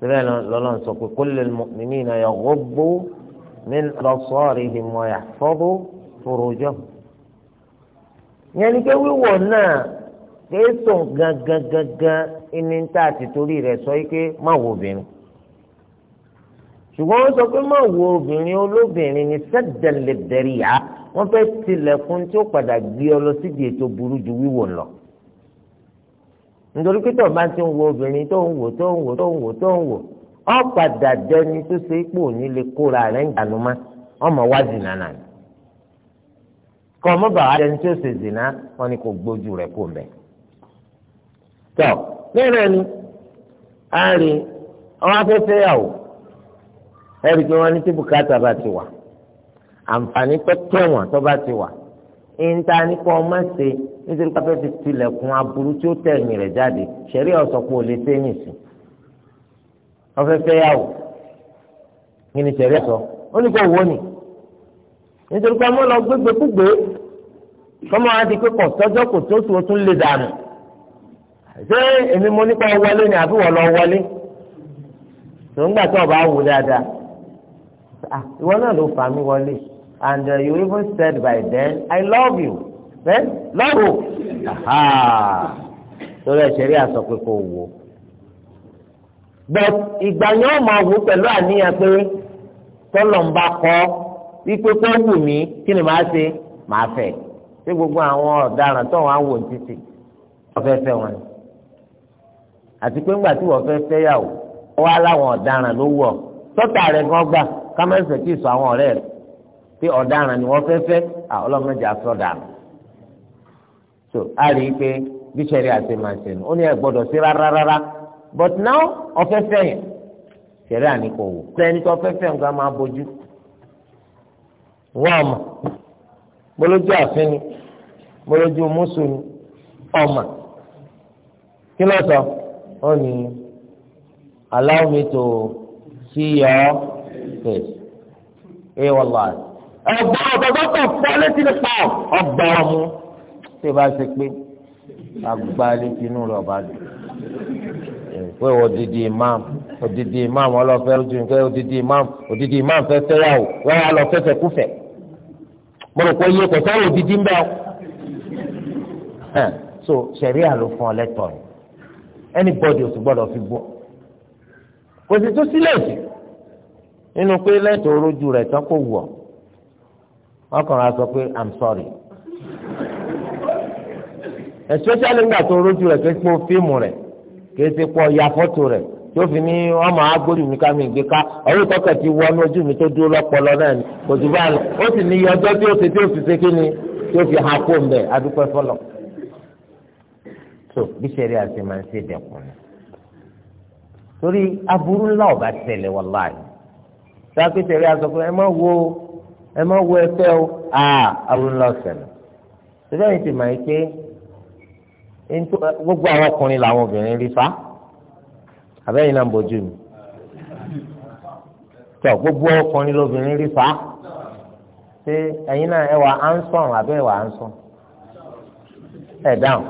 síbẹ̀ lọ́lọ́n sọ pé kullil mu'minina yaghuddu min absarihim wa yahfazu furujahum yẹn ni pé wíwọ̀ náà kìí sùn gangan gangan ẹni tá a ti torí rẹ̀ sọ yìí pé má wo obìnrin ṣùgbọ́n wọ́n sọ pé má wo obìnrin olóbìnrin ni saddan lid wọ́n fẹ́ tilẹ̀kùn tí ó padà gbé ọ lọ síbi ètò burú ju wíwọ̀ lọ nítorí pé tó bá ti ń wo obìnrin tó ń wò tó ń wò tó ń wò tó ń wò ọ padà dẹni tó ṣe é pò ní lè kóra rẹ̀ ń dànù má ọmọ wá zìnà náà kọ́ ọmọ bàbá dẹni tó ṣe zìnà wọn ni kò gbójú rẹ̀ kò mẹ́. tọ́ bẹ́ẹ̀ ni a rí ọmọ afẹ́fẹ́ yàwó ẹ̀rí pé wọ́n ní tí bùkátà bá ti wà àǹfààní pẹ́pẹ́ wọn tó bá ti wà ìta ní kọ́ ọmọ ṣe nítorí pápẹ́ ti tilẹ̀kùn aburú tí ó tẹ̀mí rẹ̀ jáde ṣẹ̀rí ọ̀sọ̀ pé ò lè ṣe é nìsín ọ̀fẹ́ fẹ́ yà wò kí ni ṣẹ̀rí ọ̀sọ̀ ó ní kó wò ó nì nítorí pé ọmọ lọ gbégbé kúgbé kọ́mọ wa di pé kò sọ́jọ́ kò tó tu tún lè dànù ṣé èmi mo ní wọlé ni àbí wọ́n lọ wọlé tó ń gbà tó ọba wò dáadáa ìwọ náà ló fà mí wọlé and uh, you even said by then I love you then love who torí ẹ̀ṣẹ̀rí àsọ pé kò wò but ìgbà yẹn máa wò pẹ̀lú àníyàn pé tọ́lọ̀ ń bá kọ́ wípé kó wù mí kí ni màá ṣe màá fẹ́ ṣé gbogbo àwọn ọ̀daràn tó wọn á wò títì wọ́n fẹ́ fẹ́ wọn àti pé ńgbà tí wọ́n fẹ́ fẹ́ yà wò wọ́n á láwọn ọ̀daràn ló wọ̀ sọ́tà rẹ̀ gan gbà ká má ṣe kí sọ àwọn ọ̀rẹ́ rẹ̀ pé ọ̀daràn ni wọ́n fẹ́ fẹ́ ọlọ́mọdé àsọdànù so a rí i pé bí sẹ́rí àti màá ṣe nù ó ní ẹ gbọ́dọ̀ sí rárá rárá but now ọ̀fẹ́ fẹ́ yẹn sẹ́rí àní kò wò sẹ́ni tó fẹ́ fẹ́ nǹkan máa bójú wọ́n ọmọ mọ́lójú àfin ni mọ́lójú mùsùlùmí ọmọ kí ló sọ ó ní allow me to see your face ẹ wọ́n lọ́wọ́ ọgbà ọgbàgbọ́tàn fọ́lé tí ní pa ọgbà ọmú tí o bá ṣe pé agbálẹ̀ inú rẹ̀ ọba dùn pé odidi imam odidi imam ọlọ́fẹ́ lójúmọ́ pé odidi imam odidi imam fẹ́ fẹ́yàwó wọ́n á lọ fẹ́fẹ́ kúfẹ́ mo rò pé iye kò sáré odidi ń bẹ́ ọ. so sẹ̀ríà ló fún ọ lẹ́tọ̀ọ́ yìí anybody ò sì gbọ́dọ̀ fi gbọ́ kò sì tún sílẹ̀ sí nínú pé lẹ́tọ̀ọ́ rojú rẹ̀ tán kò wù ọ́. wọ́n kàn á sọ pé i'm sorry especially nígbà tó rójú rẹ̀ kéésì pọ̀ fíìmù rẹ kéésì pọ̀ ya fọ́tò rẹ̀ tó fi ní ọmọ agbórí mi ká mi gbé ká ọ̀rọ̀ ìkọ́kẹ́ ti wọ inú ojú mi tó dúró náà ni kò jù bá ó sì ní ti tí fi ṣe kí ni tí ó fi ha kó ń bẹ̀ adúpẹ́ so tó bí sẹ́rí àti máa ń ṣe dẹ̀kun torí aburú ńlá ọba tẹ̀lé wo ẹ má wọ ẹgbẹ́ o àrùn lọ́sẹ̀lẹ̀ síbẹ̀ yìí ti mọ̀ ẹ́ pé gbogbo àwọn ọkùnrin làwọn obìnrin rí fa àbẹ́yìn náà ń bójú mi tọ gbogbo ọkùnrin lóbìnrin rí fa ṣé ẹ̀yin náà ẹ wà á ń sọ̀rùn àbẹ́ ẹ wà á ń sọ̀rùn ẹ̀ dáhùn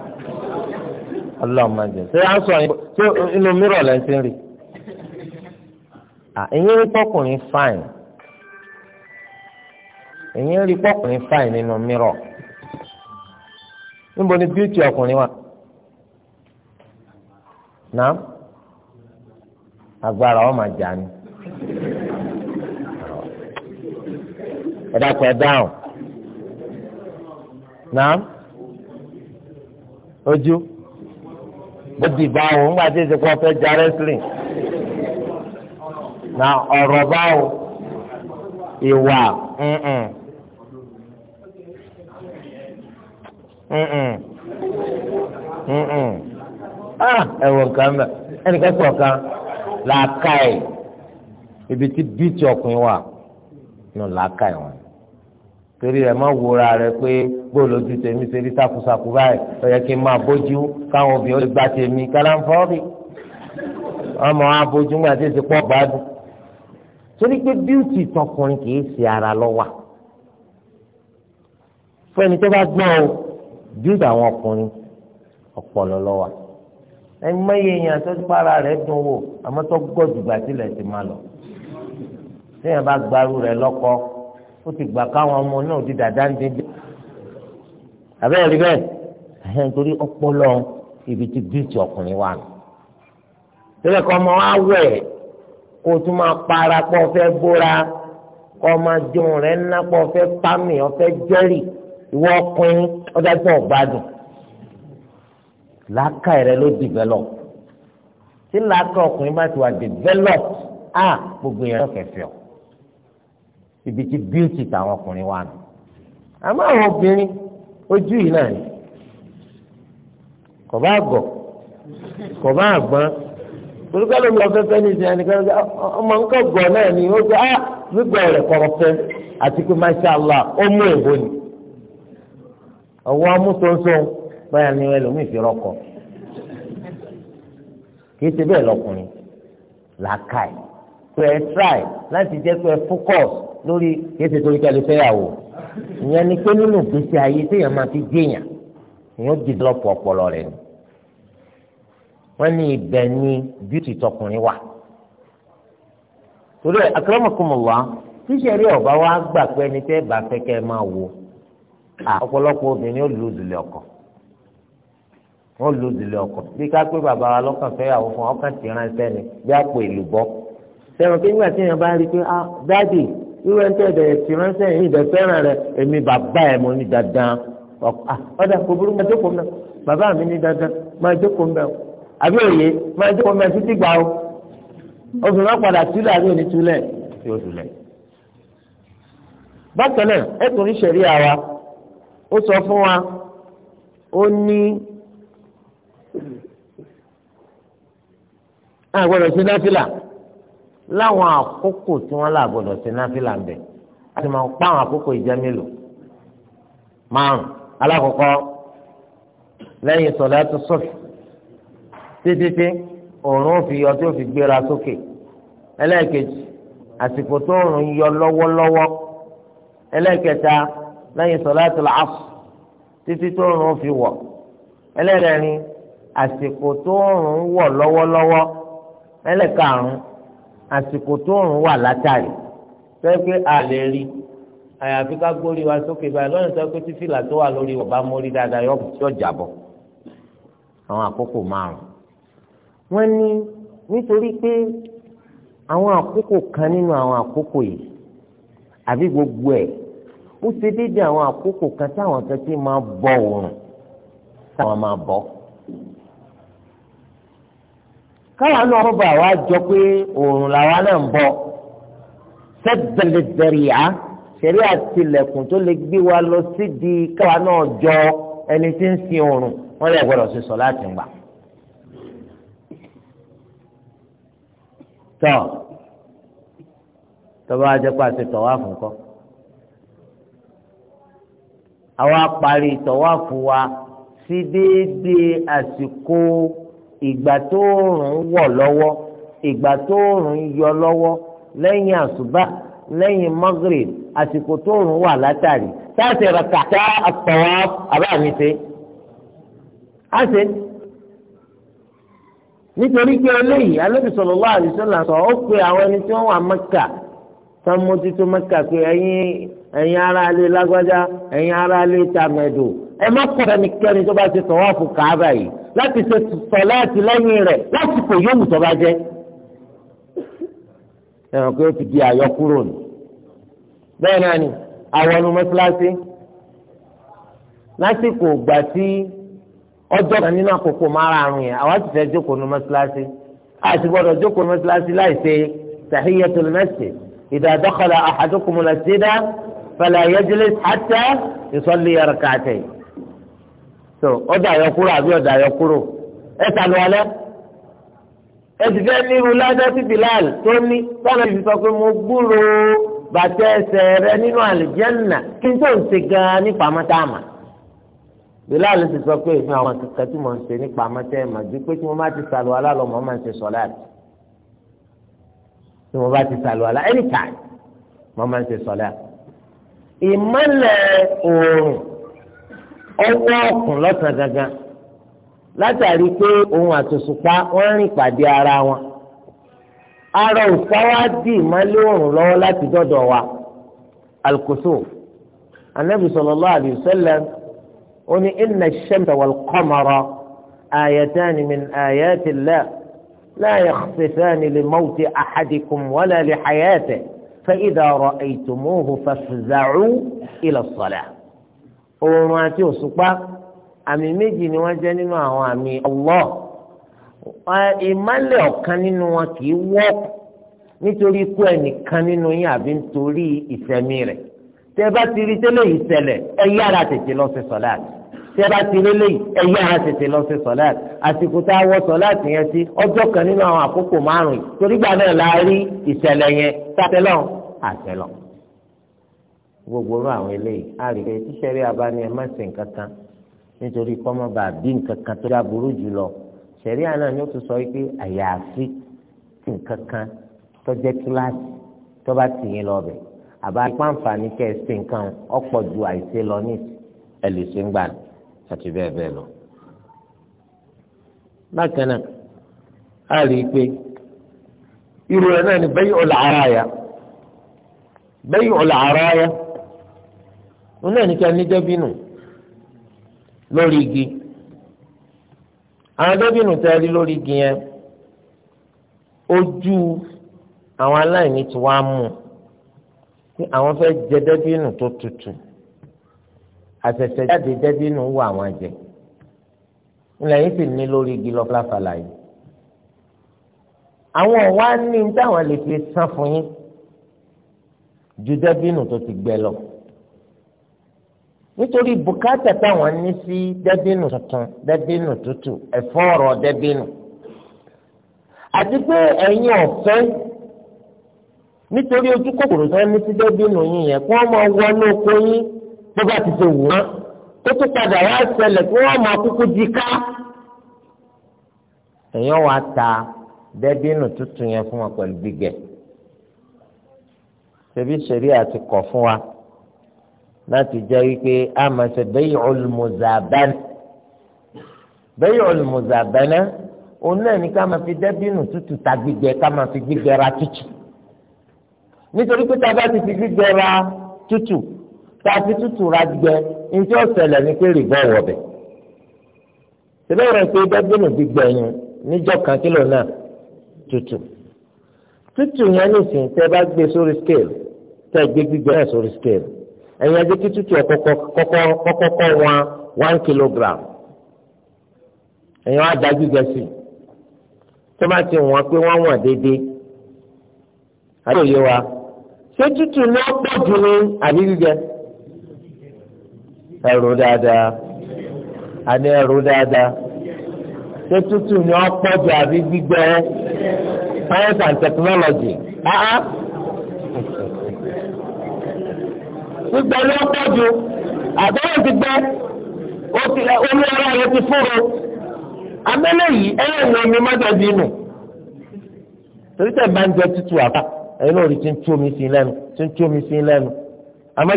ọlọ́mọdé ṣé à ń sọ̀rùn ṣé inú mìíràn lẹ́sìn rí ẹ̀yin rí tọkùnrin fáìn èyí ń rí pọ́kùnrin fáì nínú mírọ̀ níbo ni bíútì ọkùnrin wà náà agbára wọn máa jà ní. ẹ dákun ẹ dáhùn náà ojú ó di báwo ńgbà tí èsì kan fẹ́ ja wrestling na ọ̀rọ̀ báwo ìwà. Mm -mm. Ah, ẹ̀wọ̀n kan bẹ̀ ẹnìkan kọ̀ọ̀kan làákàyè ibi tí bíìtì ọkùnrin wà nù làákàyè wọn torí ẹ má wúra rẹ pé bóòlù ojú tèmi ṣe rí sákúsákú báyìí ó yẹ kí n máa bójú káwọn obìnrin ó lè gba tèmi kálánfọ́ọ̀rì ọmọ abójú ńgbà tí èsì pọ̀ gbádùn torí pé bíútì tọkùnrin kì í ṣe ara lọ́wà fún ẹni tó bá gbọ́n o júùsì àwọn ọkùnrin ọpọlọ lọwà ẹni mọye èèyàn tó ti para rẹ̀ dùn wò àmọ́ tó gọdù gbàtílẹ ti máa lọ téèyàn bá gbarú rẹ̀ lọ́kọ ó ti gbà káwọn ọmọ náà di dàda ń dín dín àbẹ́rẹ́ rí bẹ́ẹ̀ ẹ̀hẹ́n torí ọpọlọ ibi tí bíìtì ọkùnrin wà nù. Tẹ́lẹ̀ kọ́ ọmọ wa wẹ̀ kó o tún máa para pọ̀ fẹ́ bóra kọ́ ọmọ jòun rẹ̀ ńlá pọ̀ fẹ́ pámì ọ̀fẹ́ jẹ́rì ìwọ ọkùnrin ọjà tó ọgbádùn làákà rẹ ló develop tí làákà ọkùnrin bá ti wà develop á gbogbo yẹn lọ́kẹ̀fẹ̀ ọ́ ibi tí beauty tàwọn ọkùnrin wà nù àmọ́ àwọn obìnrin ojú yìí náà ni kò bá gọ̀ kò bá gbọ́n olùkọ́ ló ń lọ fẹ́fẹ́ ní ìsìn ẹnìkan ọmọ nǹkan gọ̀ náà ni ó sọ á ah, gbígbọ́ rẹ̀ kọ̀rọ̀ àti pé masha Allah ó mú èbó ni ọwọ́ amúsọ̀nsọ̀ báyà ni ẹlòmíì fi rọkọ kì í ṣe bẹ́ẹ̀ lọkùnrin làákàyè pé ẹ try láti jẹ́ pé ẹ focus lórí kì í ṣe torí kẹ́lẹ́ fẹ́yàwó ìyẹn ni pé nínú ìgbésí ayé téèyàn máa fi gbéyàn èèyàn develop ọpọlọ rẹ̀ ni wọ́n ní ibẹ̀ ni beauty tọkùnrin wà torí akramakumullah tíṣẹ̀rí ọ̀bá wa gbà pé ẹni tẹ́ bá fẹ́ kẹ́ máa wò ó Ah, ọ̀pọ̀lọpọ̀ obìnrin ó lu ìdílé ọkọ wọ́n lu ìdílé ọkọ bí ká pé bàbá wa lọ́kàn fẹ́yàwó fún ọkàn ti ránṣẹ́ ni bí àpò ìlú bọ́ sẹ́wọ̀n pé nígbà tí èèyàn bá rí i pé ah dáàdì irú ẹni tẹ́ ẹ̀dẹ̀ ti ránṣẹ́ yìí ìdẹ̀ fẹ́ràn rẹ̀ èmi bàbá ẹ̀ mo ní dandan ah, ọ̀dà kò burú máa jókòó mẹ́ bàbá mi ní dandan máa jókòó mẹ́ o àbí òye máa jókòó mẹ́ títí gbà o obìnrin wọn padà túlẹ̀ àbí òní túlẹ̀ yóò túlẹ̀. bákan náà ẹ tún ní ṣẹ̀ríà wa ó sọ fún wa ó ní àgbọ̀dọ̀ sí náfìlà láwọn àkókò tí wọ́n là gbọ́dọ̀ sí náfìlà ń bẹ̀ a ti máa ń pa àwọn àkókò ìjẹ́ mélòó márùn alákọ̀ọ́kọ́ lẹ́yìn sọ̀láàtù sọ̀fì títí òòrùn fi yọ tí ó fi gbéra sókè ẹlẹ́ẹ̀kejì àsìkò tó òòrùn yọ lọ́wọ́lọ́wọ́ ẹlẹ́ẹ̀kẹta lẹ́yìn sọláàtì làásù títí tó rùn fi wọ̀ ẹlẹ́rẹ̀ẹ́rin àsìkò tó rùn wọ̀ lọ́wọ́lọ́wọ́ ẹlẹ́karùn àsìkò tó rùn wà látàrí sẹ́yìn pé a lè rí àyàfi ká gbórí wa sókè báyìí lọ́nà sọ pé tí fìlà tó wà lórí ọba mórí dáadáa yọ tí ọjà bọ̀ àwọn àkókò márùn. wọ́n ní nítorí pé àwọn àkókò kan nínú àwọn àkókò yìí àbí gbogbo ẹ̀ ó ṣe déédé àwọn àkókò kan táwọn kan ti máa bọ òòrùn táwọn máa bọ. káwa náà rọ́bà wa jọ pé òòrùn làwa náà ń bọ sẹ́dẹ̀lẹ̀dẹ̀rìà ṣẹ̀rí àtìlẹ̀kùn tó lè gbé wa lọ sídìí káwa náà jọ ẹni tí ń sin òòrùn wọ́n lè gbọ́dọ̀ ṣe sọ láti gbà. tọ́ tọ́ bá jẹ́ pàṣẹ tọ̀ wá fún kọ́ àwa parí tọ̀wáfù wa sí déédéé àsìkò ìgbà tó òòrùn wọ̀ lọ́wọ́ ìgbà tó òòrùn yọ lọ́wọ́ lẹ́yìn àṣùbà lẹ́yìn magrib àsìkò tó òòrùn wà látàrí táàsì rakaata at-tawaf àbáàmì ṣe á ṣe nítorí pé eléyìí Ànábì sallallahu alaihi wasallam ó pe àwọn ẹni tí wọ́n wà Mẹ́kà tó Mẹ́kà pé ẹ̀yin ẹ̀yin ará ilé lágbájá ẹ̀yin ará ilé tàmẹ̀dò ẹ má kọ́ ẹnikẹ́ni tó bá ṣe tọ̀wáfù Káàbà yìí láti ṣe sọ̀láàtì lẹ́yìn rẹ̀ lásìkò yóò tó bá jẹ́ ẹ̀hàn pé ó ti di àyọkúrò nù bẹ́ẹ̀ náà ni àwọn ọmọ mọ́sálásí lásìkò ìgbà tí ọjọ́ kan nínú àkókò márààrún yẹn àwa ti fẹ́ jókòó ní mọ́sálásí àti gbọ́dọ̀ jókòó ní mọ́sálásí láì ṣe tahiyatul masjid idha dakhala ahadukumul masjida fala يجلس حتى يصلي rak'atayn so ọdọ àyọkúrò àbí ọdọ àyọkúrò ẹ sàlù ọlẹ ẹ sì توني ní irú ládàtì bilal tó ní sọ́nà ìfi sọ pé mo gbúròó bàtẹ ẹsẹ̀ rẹ nínú àlìjẹ́nà kí n tó ń ṣe gan bilal sì sọ pé ìfún àwọn kankan tí mo ń ṣe nípa mọ́tàmá ju pé tí mo bá ti sàlù lọ mọ́ máa ń ṣe sọ́láàtì tí mo bá ti sàlù ọlá anytime mọ́ máa ń ṣe sọ́láàtì ìmọ̀lẹ̀ oòrùn ọwọ́ ọ̀kùn lọ́sàn gangan látàrí pé òun àtòṣùpá wọ́n rìn pàdé ara wọn ara òṣùpá wa dì ìmọ̀lẹ̀ oòrùn lọ́wọ́ láti dọ́dọ̀ wa alkoso anabi sallallahu alayhi wa sallam ó ní inna ash-shamsa min ayati llah la yakhsifani li mawti ahadikum wala li hayatihi. فإذا رأيتموه فافزعوا إلى الصلاة oorun àti òṣùpá àmì méjì ni wọ́n jẹ́ nínú àwọn àmì Allah ìmálẹ̀ ọ̀kan nínú wọn kì í wọ́ nítorí ikú ẹnìkan nínú yín àbí nítorí ìsẹ̀mí rẹ̀ tẹ́ bá ti rí tẹ́lẹ̀ ìṣẹ̀lẹ̀ ẹ yára tètè lọ sí sọ̀láàtì tí ẹ bá ti rí léyìí ẹ yára tètè lọ sí sọláàtì àsìkò tá a wọ sọláàtì yẹn sí ọjọ́ kan nínú àwọn àkókò márùn yìí torí gbà náà la rí ìṣẹ̀lẹ̀ yẹn sátẹlọ àtẹlọ. gbogbo orú àwọn eléyìí a rí pé tíṣẹ́rí abáni ẹ má ṣe nǹkan kan nítorí kọ́mọ́ bá bí nǹkan kan tó dáburú jù lọ ṣẹ̀rí àná ni ó tún sọ pé àyàfi nǹkan kan tó jẹ́ kíláàsì tó bá tì yín lọ bẹ̀ àbá ipá àǹfààní kẹ́ ẹ ṣe nǹkan ọ̀pọ̀ ju àìṣe lọ ní ẹ lè ṣe ń gbà àti bẹ́ẹ̀ bẹ́ẹ̀ lọ. bákan náà a rí i pé irú rẹ̀ náà ni bẹ́yì ọ̀là ara yá bẹ́yì ọ̀là ara yá wọn náà ní a ní dẹ́bínù lórí igi àwọn dẹ́bínù tẹ́ rí lórí igi yẹn ojú àwọn aláìní tí wàá mú pé àwọn fẹ́ jẹ tó tutù. àṣẹ̀ṣẹ̀ jáde dẹbí nù wọ àwọn jẹ ńlẹ yìí sì ní lórí igi lọfàlàfàlà yìí àwọn ọ̀wá ní táwọn lè fi san fún yín ju dẹbí nù tó ti gbẹ lọ nítorí bùkátà táwọn ní sí dẹbí nù tuntun dẹbí nù tútù ẹ̀fọ́ ọ̀rọ̀ dẹbí nù àti pé ẹ̀yin ọ̀fẹ́ nítorí ojú kòkòrò tó ń ní sí dẹbí nù yín yẹn kí wọ́n máa wọnú oko yín bó bá ti ṣe wù wọ́n ó tún padà wá ṣẹlẹ̀ kí wọ́n máa kúkú jí ká. èèyàn wá ta dẹ́bínù tuntun yẹn fún wọn pẹ̀lú gbígbẹ. ṣebí ṣẹ̀rí àti kọ̀ fún wa láti jẹ́ wípé a máa ṣe bay'ul muzabana. bay'ul muzabana òun náà ní ká máa fi dẹ́bínù tútù ta gbígbẹ ká máa fi gbígbẹ ra tútù. nítorí pé tá a bá ti fi gbígbẹ ra tútù tàbí tútù ra gbẹ ntí ó ṣẹlẹ̀ ní pé rìbọ wọbẹ tẹlẹrẹ pé dẹgbẹnù gbígbẹ yẹn níjọ kan kílò náà tútù tútù yẹn nìsín tẹ bá gbé sórí scale tẹ gbé gbígbẹ náà sórí scale ẹyin ẹjẹ kí tútù ẹ kọ́kọ́ kọ́kọ́ kọ wọn one kilogram ẹyin wọn adá gbígbẹ sí tó bá ti wọn pé wọn wọn déédéé àti òye wa ṣé tútù náà pọ̀ jù ní àbí gbígbẹ ẹrù dáadáa àní ẹrù dáadáa ṣé tútù ni wọ́n pọ̀jù àbí gbígbẹ science and technology áá gbígbẹ ni wọ́n pọ̀jù àbẹ̀wò ti gbẹ omi ara rẹ ti fúru abẹ́lẹ̀ yìí ẹ̀yìn omi mọ́tàbí nù torí tẹ̀ bá ń jẹ tútù àpá ẹ̀yìn náà rí ti ń tú omi sí lẹ́nu ti ń tú omi sí lẹ́nu àmọ́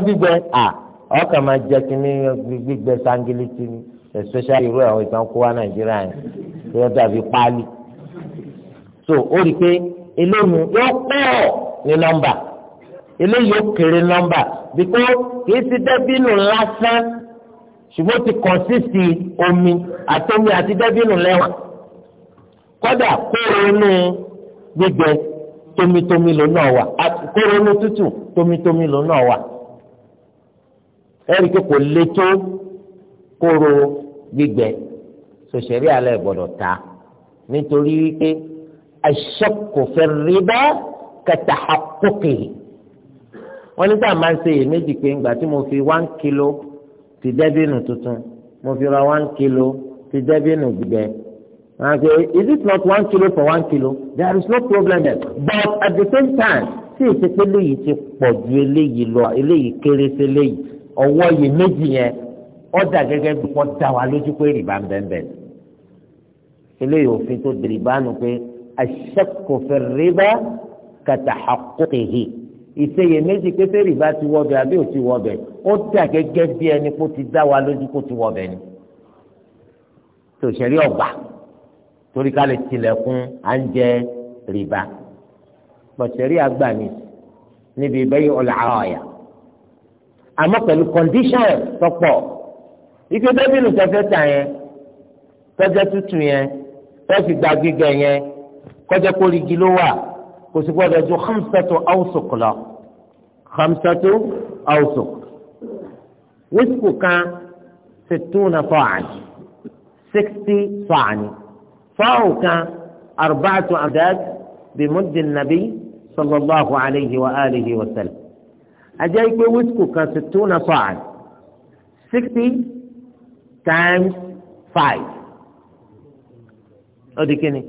ah ọkàn máa jẹ kínní gbígbẹ sangilitì ni especially irú àwọn ìtàn kó wá nàìjíríà yẹn tó yẹ dàbí páálí so ó rí i pé eléyìí yóò pọ̀ ní nọ́mbà eléyìí yóò kéré nọ́mbà bíkọ́ kìí ti dẹ́bínú lásán ṣùgbọ́n ti kọ̀nsísì omi àtomi àti dẹ́bínú lẹ́wọ̀n kọ́dà kóró inú gbígbẹ tómitómi ló náà wà kóró inú tútù tómitómi ló náà wà ẹ̀rí pé kò le tó kóró gbígbẹ sòṣèré alẹ́ gbọ́dọ̀ ta nítorí wípé aṣọ́kò fẹ́ rí bá kẹta àkókè wọ́n ní sáà máa ń ṣe iyèméjì pé ńgbà tí mo fi one kilo ti dẹ́bìnù tuntun mo fi ra one kilo ti dẹ́bìnù gbígbẹ wọ́n á sọ is it not one kilo for one kilo there is no problem there but at the same time tí ìsepẹ́lẹ́ yìí ti pọ̀ ju eléyìí lọ eléyìí kéré sí eléyìí ọwọ́ yìí méjì yẹn ó dà gẹ́gẹ́ bí wọ́n dá wa lójú pé rìbá bẹ́ẹ̀ eléyìí òfin tó di rìbá nu pé aṣẹ́kọ̀fẹ́ rìbá kàtà àkókèhì ìṣeyè méjì pé ṣé rìbá ti wọ bẹ àbí ò ti wọ bẹ ó dà gẹ́gẹ́ bí ẹni kó ti dá wa lójú kó ti wọ bẹ ni tòṣẹ́rí ọ̀gbà torí ká lè tilẹ̀kùn à ń jẹ rìbá pọ̀ṣẹ́rí àgbà ni níbi bẹ́yìn ọ̀làáyà àmọ́ pẹ̀lú condition tọpọ̀ ike dẹ́bìlì tẹ́fẹ́ tà yẹn tọ́jẹ́ tútù yẹn tẹ́fì gba gbígbẹ yẹn kọjá kórìgì ló wà kò sì gbọdọ̀ ju hamsatu awusuk lọ hamsatu awusuk wíṣíkù kan sittuna fa'an sixty fa'an fa'u kan arba'atu adad bimuddin nabi sallallahu alayhi wa alihi wa sallam ajẹ́ ipe wíṣíkù kan sì tún náà fàáì sixty times five ó di kíni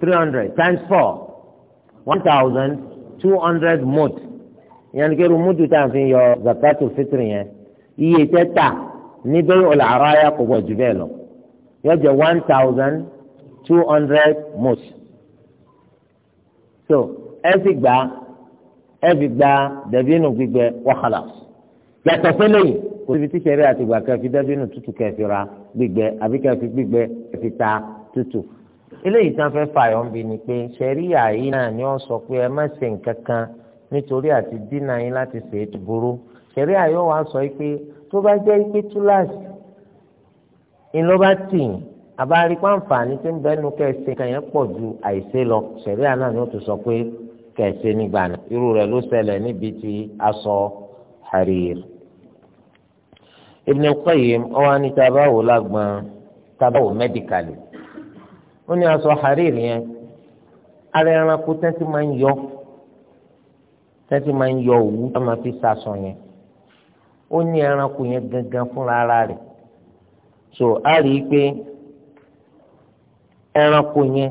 three hundred times four one thousand two hundred mot ìyẹn ni kéru mútu tá à fi yọ zakatu fitri yẹn iye tẹ́tà níbẹ̀ ọ̀là ara yà kò bọ̀ jù bẹ́ẹ̀ lọ yọ jẹ́ one thousand two hundred mot so ẹ sì gbà ẹ fi gba dẹbínú gbígbẹ wàhálà yàtọ̀ sẹ́lẹ̀ yìí kò síbi tí sẹ́rí àtìgbà kẹfì dẹbínú tútù kẹfì ra gbígbẹ àbí kẹfì gbígbẹ kẹfì ta tútù. eléyìí tán fẹ́ fààyàn bí ni pé sẹ́rí àyí náà ni wọ́n sọ pé ẹ má ṣe nǹkan kan nítorí àti dínà yín láti ṣe é burú sẹ́rí àyí wọ́n sọ pé tó bá jẹ́ pé túláàsì ìlú bá tì yín àbá rí pàǹfààní ń bẹ́nu kẹ́ẹ̀sì kan yẹn pọ̀ ju àìsè lọ sẹ́rí àná ni ó ti sọ pé kẹsẹ nígbà náà irú rẹ̀ ló ṣẹlẹ̀ níbi tí aṣọ harir Ibn al-Qayyim ọwọ ní tabawo lágbọn tabawo mẹdíkàlì ó ní aṣọ harir yẹn ara ẹranko tẹ́tí máa ń yọ tẹ́tí máa ń yọ òwú tó máa fi sasọ yẹn ó ní ẹranko yẹn gangan fúnra ara rẹ̀ so a rí i pé ẹranko yẹn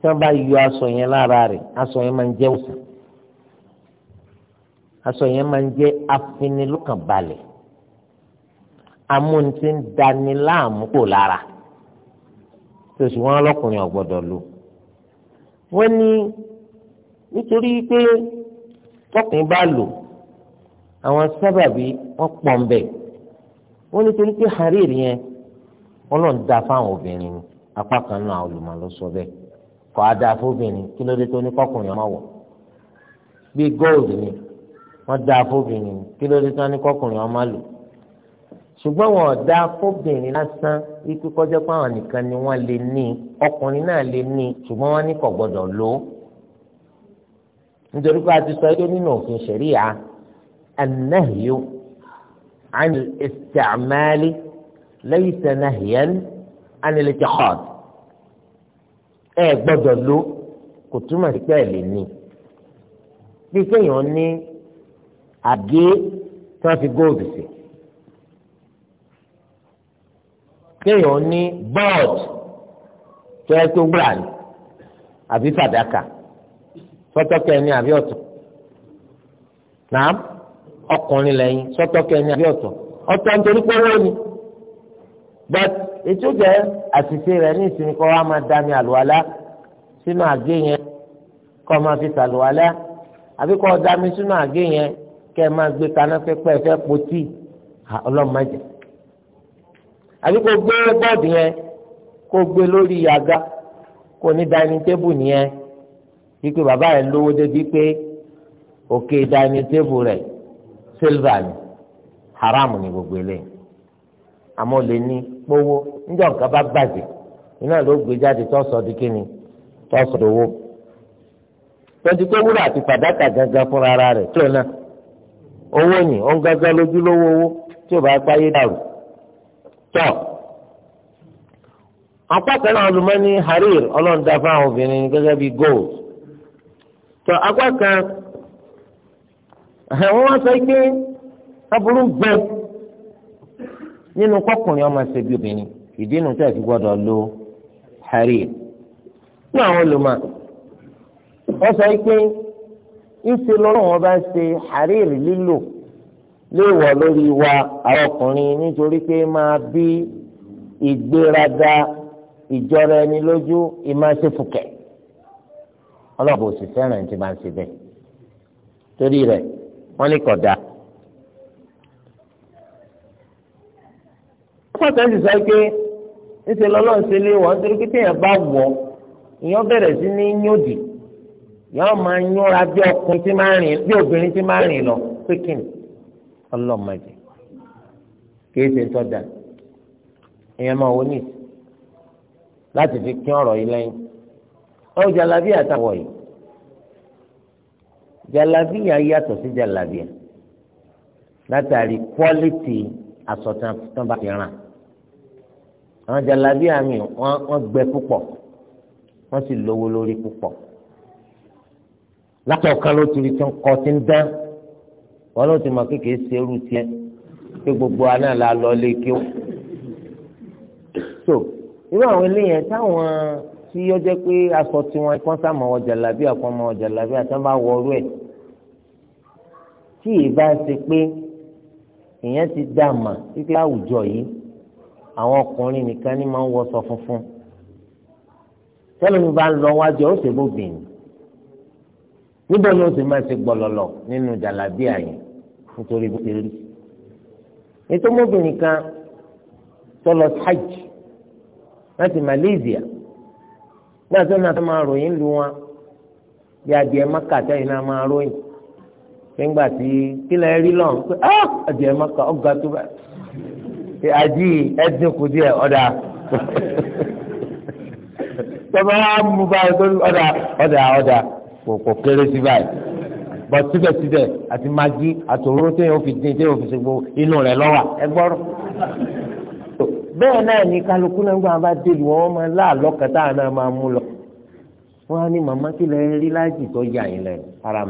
tí wọ́n bá yọ aṣọ yẹn lára rẹ̀ aṣọ yẹn máa ń jẹ́ òsàn aṣọ yẹn máa ń jẹ́ afinilọ́kànbalẹ̀ amúntí ń dani láàmú kò lára tòṣù wọn ọlọ́kùnrin ọ̀gbọ́dọ̀ lò wọ́n ní nítorí pé tọkùnrin bá lò àwọn sábàbí wọ́n pọ̀ ń bẹ̀ wọ́n nítorí pé hàríìrì yẹn wọ́n lọ́n da fáwọn obìnrin apá kan náà olùmọ̀ ló kọ́ á dáa fóbìnrin kí ló dé tó ní kọ́kùnrin ọmọ wọ̀ bí gold ni wọ́n dáa fóbìnrin kí ló dé tó ní kọ́kùnrin ọmọ lò ṣùgbọ́n wọn ò dáa fóbìnrin lásán ikú kọjá pé àwọn nìkan ni wọ́n lè ní ọkùnrin náà lè ní ṣùgbọ́n wọ́n ní kò gbọ́dọ̀ lò ó nítorí pé a ti sọ ẹ́ nínú òfin ṣẹ̀ríyà anahiyo anil istamali laysa nahiyan anil e gbọdọ lò kò túmọ̀ sí pé ẹ lè ní bí kéèyàn ní àgé tí wọ́n fi góòdù sí kéèyàn ní bọ́ọ̀dù tó yẹ tó gbà ní àbí fàdákà sọtọkẹ ní àbí ọkùnrin lẹ́yìn ní àbí ọ̀tọ̀ ètò jẹ́ àṣìṣe rẹ̀ ní ìsinmi kọ́ wa máa dami àlùwalá sínú àgé yẹn kọ́ máa fi sàlùwalá àbí kọ́ dami sínú àgé yẹn kẹ́ máa gbé kaná fẹ́ pẹ́ fẹ́ po tíì ọlọ́mọdé àbí kò gbé bọ́ọ̀dù yẹn kò gbé lórí àga kò ní dining table nìyẹn wípé bàbá rẹ̀ lówó débi pé òkè dining table rẹ̀ silver ni haram ni gbogbo eléyìí àmọ́ lè ní kpówó níjọ́ nǹkan bá gbàdé iná ló gbé jáde tó sọ di kíni tó sọ owó tọ́jú pé fúnra ara rẹ̀ tó owó ni ó ń gángan lójúlówó owó tí ò bá gbáyé dàrú tọ́ náà harir ọlọ́ọ̀dá fáwọn obìnrin gẹ́gẹ́ bíi gold tọ́ apákan àwọn sọ pé aburú nínú kọkùnrin ọmọ ṣe bí obìnrin ìdí inú tẹ̀ fi gbọ́dọ̀ lo harir ní àwọn olùmọ̀ wọ́n sọ pé ńṣe lọ́rùn wọn bá ṣe harir lílò léèwọ̀ lórí wa àwọn ọkùnrin nítorí pé máa bí ìgbéraga ìjọra ẹni lójú ìmáṣẹ́fùkẹ́ ọlọ́ọ̀bù òsì fẹ́ràn tí máa ṣe bẹ́ẹ̀ torí rẹ̀ wọ́n ní kódà pọ́sẹ̀ sì sọ pé ńṣe lọ́lọ́run ṣe lé wọ́n torí pé téèyàn bá wọ̀ ìyẹn bẹ̀rẹ̀ sí ní yóòdì yọ́n máa yúnra bí ọkùnrin tí máa rìn bí obìnrin tí máa rìn lọ pé kí ni ọlọ́mọdé kì í ṣe tọ́jà ìyẹn máa wọ níìsì láti fi kí ọ̀rọ̀ yìí lẹ́yìn ọ̀rọ̀ jalabi àtàwọ̀ yìí jalabi yàtọ̀ sí jalabi látàrí quality àsọ̀tàn tó bá fi ràn àwọn jalabiya mi wọn wọn gbẹ púpọ̀ wọn sì lówó lórí púpọ̀ látọ̀ kan ló turi tó ń kọ́ tí ń dán wọn ló ti mọ kékeré serú tiẹ̀ pé gbogbo aná la lọ lé kí ó so irú àwọn eléyẹn táwọn tí yọ jẹ́ pé aṣọ tiwọn kán sàmọ wọn jalabiya kán mọ wọn jalabiya tí wọn bá wọrú ẹ tí ì bá ṣe pé ìyẹn ti dá mà wípé àwùjọ yìí àwọn ọkùnrin nìkan ní máa ń wọṣọ funfun tẹ́lẹ̀ mi bá ń lọ wájú ó ṣe bóbìn níbẹ̀ ni ó sì máa ṣe gbọlọlọ nínú jàlábíà yẹn nítorí bó ṣe rí ètò kan tó hajj láti Malaysia nígbà tó náà tó máa ròyìn lu wọn bí adìẹ maka tẹ́yìn náà máa ròyìn nígbà tí kílẹ̀ rí lọ́n pé ah! adìẹ maka ọ̀gá tó báyìí. àjí ẹ̀dínkù díẹ̀ ọ̀dà tọ́ba wa mú báyìí tó ọ̀dà ọ̀dà ọ̀dà kò kéré sí báyìí bọ̀ síbẹ̀síbẹ̀ àti magi àtòró téèyàn fi dín téèyàn fi inú rẹ̀ lọ́wà bẹ́ẹ̀ náà ni kálukú náà gbọ́n bá wọn máa láàlọ́ kẹta náà máa mú lọ. á ní màmá kí rí láàjì tó yà yín ara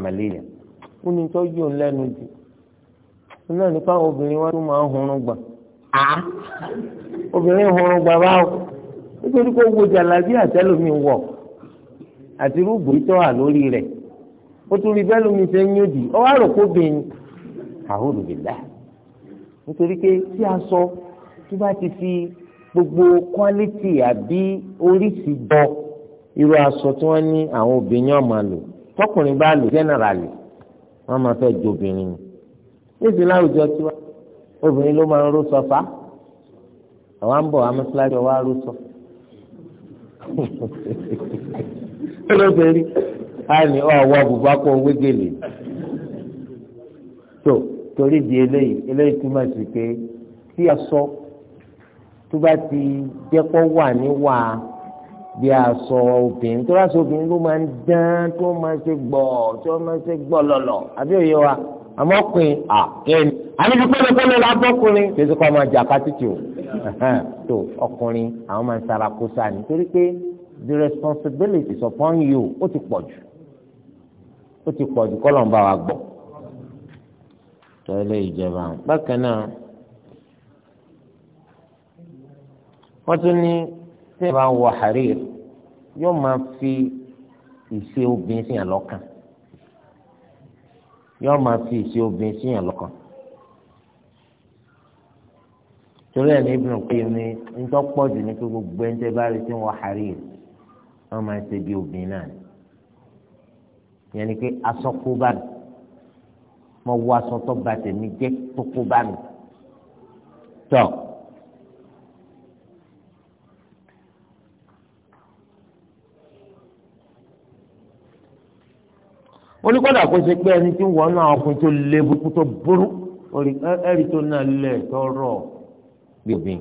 tó lẹ́nu jù náà obìnrin wọn tún máa a obìnrin horo gbàgbà o nítorí kó wo jàlábí àtẹlómi wọ àti rúgbò tó wà lórí rẹ̀ ó tún rí bẹ́ẹ̀ lómi ṣe ń yóòdì ọ wá rò kó bẹ́ẹ̀ ni àhóòdù bìlá nítorí pé tí a sọ tó bá ti fi gbogbo quality àbí oríṣi jọ irú aṣọ tí wọ́n ní àwọn obìnrin ọmọ lò tọkùnrin bá lò generally wọ́n máa fẹ́ jobìnrin ní ìsìn láwùjọ tiwa obìnrin ló máa ń ró sọfá àwọn à ń bọ̀ amúsíláṣí ọwọ́ aró sọ. olóbìnrin á ní ọwọ́ bùbá kó wégele tó torí di eléyìí eléyìí túmọ̀ sí pé tí a sọ tó bá ti jẹ́pọ̀ wà níwà bí a sọ obìnrin tó bá sọ obìnrin ló máa ń dán tó máa ń ṣe gbọ̀ tó máa ń ṣe gbọ̀ lọ̀lọ̀ àbí òye wa àmọ́ pin àkẹ́ni àníbi pẹ́lẹ́pẹ́lẹ́ la bọ́kùnrin kìí kọ́ máa jà kátìtì o tó ọkùnrin àwọn máa ń sara kó sáà nítorí pé the responsibility is upon you ó ti pọ̀ jù ó ti pọ̀ jù kọ́lọ̀ ń bá wa gbọ́ tọ́lẹ̀ ìjọba bákan náà wọ́n tún ní tẹ́ẹ̀ bá wọ àárẹ̀ yóò máa fi ìṣe obìnrin sí àlọ́kàn yóò máa fi ìṣe obìnrin síyàn lọ́kàn torí ẹ̀ ní Ibn Qayyim ni ńtọ́ pọ̀ jù ní pé gbogbo ẹni tẹ́ bá rí tí wọ́n harir wọ́n máa ń ṣe bí obìnrin náà ni yẹn ni pé aṣọ kó bá mi mo wọ aṣọ tó ba tèmi jẹ́ tó kó bá mi tọ́. So, wọ́n ní kọ́dà kó ṣe pé ẹni tí wọ́n náà ọkùnrin tó lé burúkú tó burú ẹ̀rí tó náà lẹ̀ tọrọ bí òbí.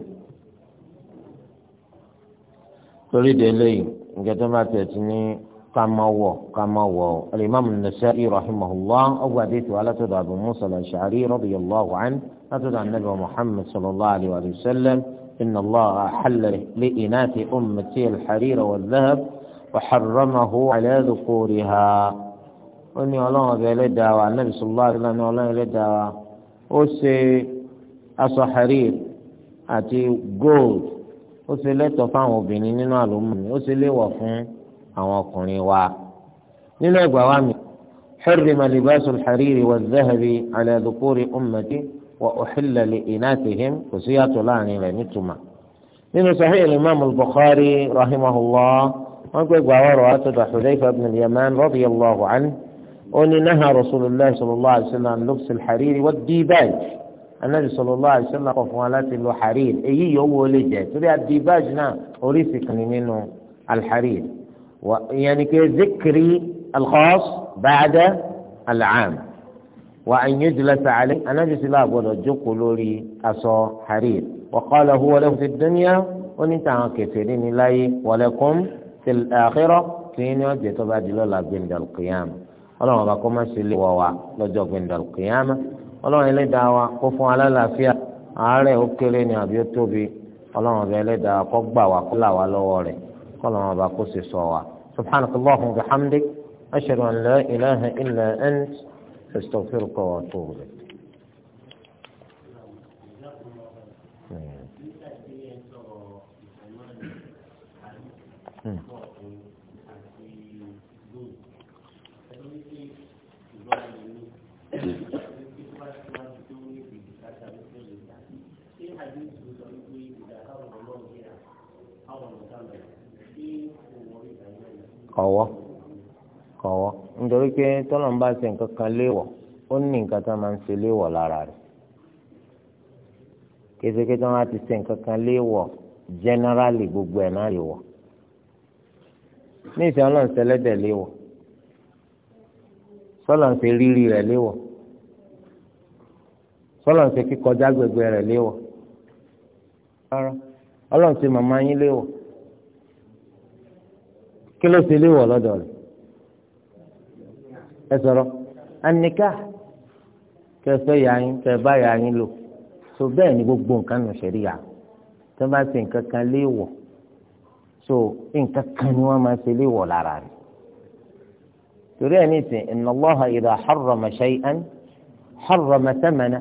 torí de eléyìí nǹkan tó bá tẹ̀ sí ní wọ̀ kámáwọ̀ kámáwọ̀ alimami nasa'i rahimahullah ọgbà àdéhùn alátọ́dọ̀ abu musa al-ashari radiyallahu anhu látọ̀dọ̀ anabi muhammed sallallahu alayhi wa sallam inna allaha ahalla li'inati ummati al-harira wal-dhahab wa harramahu ala dhukuriha. ó ní ọlọ́run ọbẹ̀ ẹlẹ́dàá wa anábì sọlá àdúrà ní ọlọ́run ẹlẹ́dàá wa ó ṣe aṣọ harir àti gold ó ṣe lẹ́tọ̀ fáwọn obìnrin nínú àlùmọ́ọ́nì ó ṣe léwọ̀ fún àwọn ọkùnrin wa nínú ẹgbàá wa mi حرم لباس الحرير والذهب على ذكور أمتي وأحل لإناثهم وسيات لاني لنتما من صحيح الإمام البخاري رحمه الله وقال ورواه حذيفة بن اليمان رضي الله عنه أني نهى رسول الله صلى الله عليه وسلم عن لبس الحرير والديباج النبي صلى الله عليه وسلم قفوالات له حرير أي يوم ولجة ترى الديباجنا أريسك منه الحرير يعني كذكري الخاص بعد العام وأن يجلس عليه أنا جلس لا أقول لوري أصو حرير وقال هو له في الدنيا ونتعا كثيرين إليه ولكم في الآخرة فين يجي تبادل الله عند القيامة ọlọ́run ọba kó má ṣe lè wọ̀ wá lọ́jọ́ gbẹ̀ndàlù kìyàmá ọlọ́run ẹlẹ́dàá wa kó fún alálàáfíà àárẹ̀ ó kéré ni àbí ó tóbi ọlọ́run ọba ẹlẹ́dàá wa kó gbà wá kó là wá lọ́wọ́ rẹ̀ kọ́lọ́run ọba kó sì sọ wá subhanakallahumma wa bihamdik ashhadu an la ilaha illa ant astaghfiruka wa atubu ilayk nítorí pé tọ́lọ̀ ń bá ṣe nǹkan kan léèwọ̀ ó ní nǹkan tó máa ń ṣe léèwọ̀ lára rẹ̀ kéṣeké tó máa ti ṣe nǹkan kan jẹ́nẹ́rálì gbogbo ẹ̀ náà léèwọ̀ ní ìsìn ọlọ́run ṣẹlẹ́dẹ̀ Riri sọ́lọ̀ ń ṣe rírì rẹ̀ léèwọ̀ sọ́lọ̀ ń ṣe kíkọjá gbègbè rẹ̀ rárá màmá yín kí ló ṣe lọ́dọ̀ rẹ̀ ẹ sọ̀rọ̀ anikah kẹfẹ́ yà yín kẹfẹ́ yà yín lò so bẹ́ẹ̀ ni gbogbo nǹkan nù yà tó bá ṣe nǹkan kan lé wọ so nǹkan kan ni wọ́n máa ṣe lé wọ lára rẹ torí lára rẹ̀ torí ẹ̀ ní ìsìn inna Allaha idha harrama shay'an harrama thamana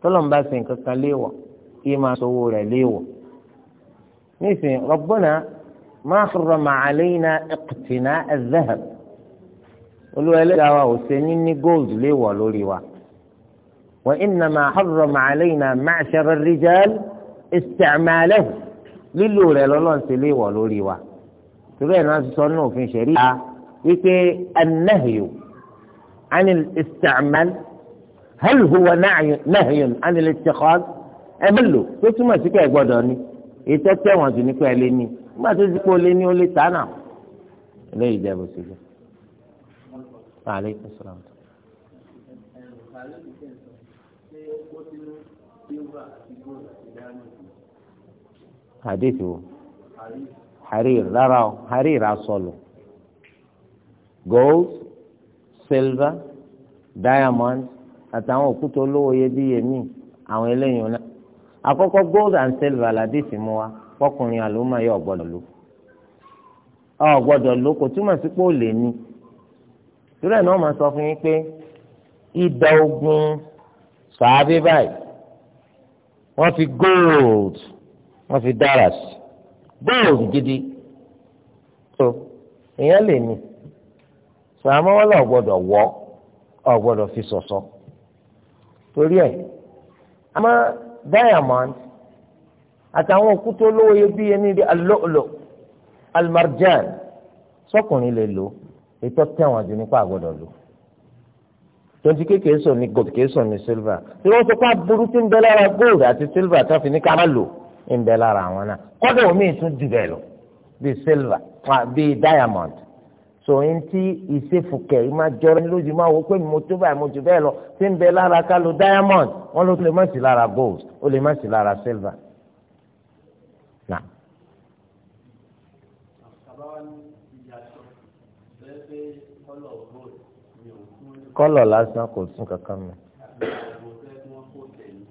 tọ́lọ́n bá ṣe nǹkan kan lé wọ kí máa sọ owó lé wọ ní ìsìn rabbana ma harrama alayna iqtina adh-dhahab. olúwa ẹlẹ́dàá wa ò ṣe níní gold léèwọ̀ lórí wa wa innama harrama alayna ma'shara ar-rijal isti'malahu lílò rẹ̀ lọ́lọ́run ṣe léèwọ̀ lórí wa torí ẹ̀ náà ti sọ ní òfin ṣẹ̀ríà wípé an-nahyu عن الاستعمال هل هو نهي عن الاتخاذ ẹbẹlò tó túmọ̀ sí kẹ́ ẹ gbọ́dọ̀ ni èyí tẹ́tẹ́ wọn sì ní pẹ́ lé ní nígbà tó ti kó lé ní ó lé tánà lẹ́yìn ìjẹ́bù sílẹ̀ aleykum salaam. hadith wo harir rárá o harir asọlù gold silver diamond àtàwọn òkúta olówó iyebíye míì àwọn eléyìí náà àkọ́kọ́ gold and silver làdísì mú wa fọkùnrin àlùmọ yóò gbọ́dọ̀ lò ọ gbọ́dọ̀ lò kò túmọ̀ sí pé ó lè ní torí ẹ̀ náà máa sọ fún yín pé ìdá ogun sàábé báyìí wọ́n fi gold wọ́n fi dára gold gidi tó èèyàn lè ní sàmọ́ wọn lọ gbọ́dọ̀ wọ́ ọ gbọ́dọ̀ fi sọ̀sọ́ torí ẹ̀ àmọ́ diamond àtàwọn òkúta olówó iyebíye ní alóòlò almarjan sọkùnrin lè lò ó ètò tẹ̀wọ̀n jù nípa àgbọ̀dọ̀ lò tonti kékeré sọ ní gold kékeré sọ ní silver tí wọ́n sọ pé aburú ti ń bẹ lára gold àti silver tó fi ní ká má lò ń bẹ lára àwọn náà kọ́dà omi ìtún jù bẹ́ẹ̀ lọ bíi silver bíi diamond so n ti ìsefùkẹ́ yìí máa jọrọ ní lójú máa wò pé mo tó báyìí mo jù bẹ́ẹ̀ lọ tí ń bẹ lára ká diamond wọ́n ló lè má sí lára gold ó lè má sí lára silver kọ́lọ̀ lásán kò sún kankan mọ́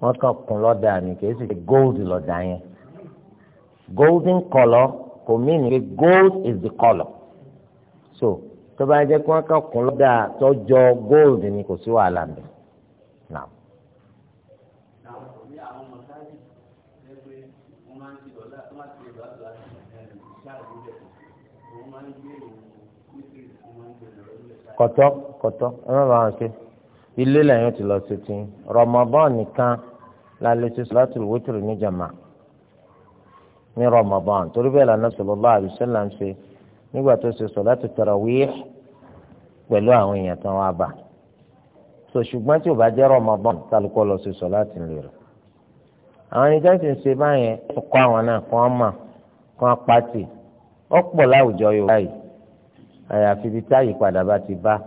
wọ́n kàn kún lọ́dà ni kì í sì ṣe gold lọ́dà yẹn golden colour kò mí ni pé gold is the colour so tó bá jẹ́ kí wọ́n kàn kún lọ́dà tọ́jọ́ gold ni kò sí wàhálà mi. kọtọ kọtọ ẹ má bàa ṣe ilé lẹ́yìn ti lọ sí ti Ramadan nìkan la lè ṣe sọlátùl wítìrì ní jàmá ní Ramadan torí bẹ́ẹ̀ lànà sallallahu alaihi wasallam ṣe nígbà tó ṣe sọlátù tarawih pẹ̀lú àwọn èèyàn tán wá bá so ṣùgbọ́n tí ò bá jẹ́ Ramadan kálukọ lọ ṣe sọlátù lè rẹ àwọn ẹni jáde ń ṣe báyẹn kọ àwọn náà kọ ọ mà kọ apá tì ọ̀pọ̀ láwùjọ Yorùbá yìí àyàfi ibi táyì padà bá ti bá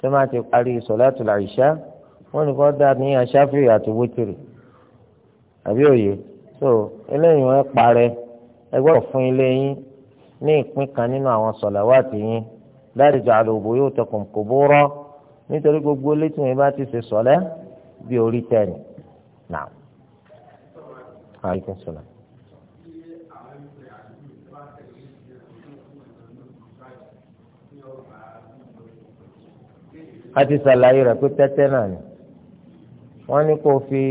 tó máa ti parí sọ̀láàtù làìṣá wọ́n ní kó dá ní aṣáfì àti wítìrì àbí òye so eléyìí wọ́n parẹ́ ẹ gbọ́dọ̀ fún ilé yín ní ìpín kan nínú àwọn sọ̀làwátì yín láti jọ àlòbó yóò tọkùn kò bó rọ́ nítorí gbogbo létí wọn bá ti ṣe sọ̀lẹ́ bí orí tẹ̀ ní. Nàá. Aleykum salaam. a ti ṣàlàyé rẹ̀ pé tẹ́tẹ́ náà ni wọ́n ní kó fi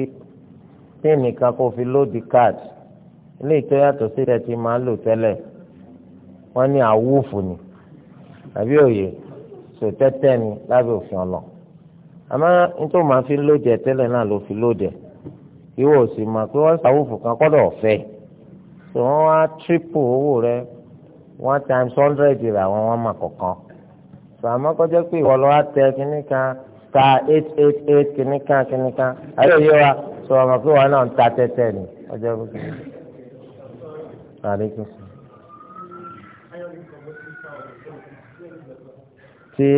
tíìnì kan kó fi lóòdì káàdì ilé ìtọ́ yàtọ̀ ti máa ń lò tẹ́lẹ̀ wọ́n ní àwùfù ni àbí òye sò tẹ́tẹ́ ni lábẹ́ òfin ọlọ́ àmọ́ nítorí màá fi lóòdì ẹ̀ tẹ́lẹ̀ náà ló fi lóòdì ẹ̀ ìwọ sì mà pé wọ́n ṣàwùfù kan kọ́dọ̀ ọ̀fẹ́ tí wọ́n wá triple owó rẹ̀ one times hundred rẹ̀ àwọn wọn mà kọ̀ọ̀kan sàmọ́ kọjá pé ìwọ lọ́wọ́ tẹ kínní kan ta eight eight eight kínní kan kínní kan ayé òye wa sọ ọmọ pé wọn náà ń ta tẹ́tẹ́ ni ọjọ́ bí kò sí. tí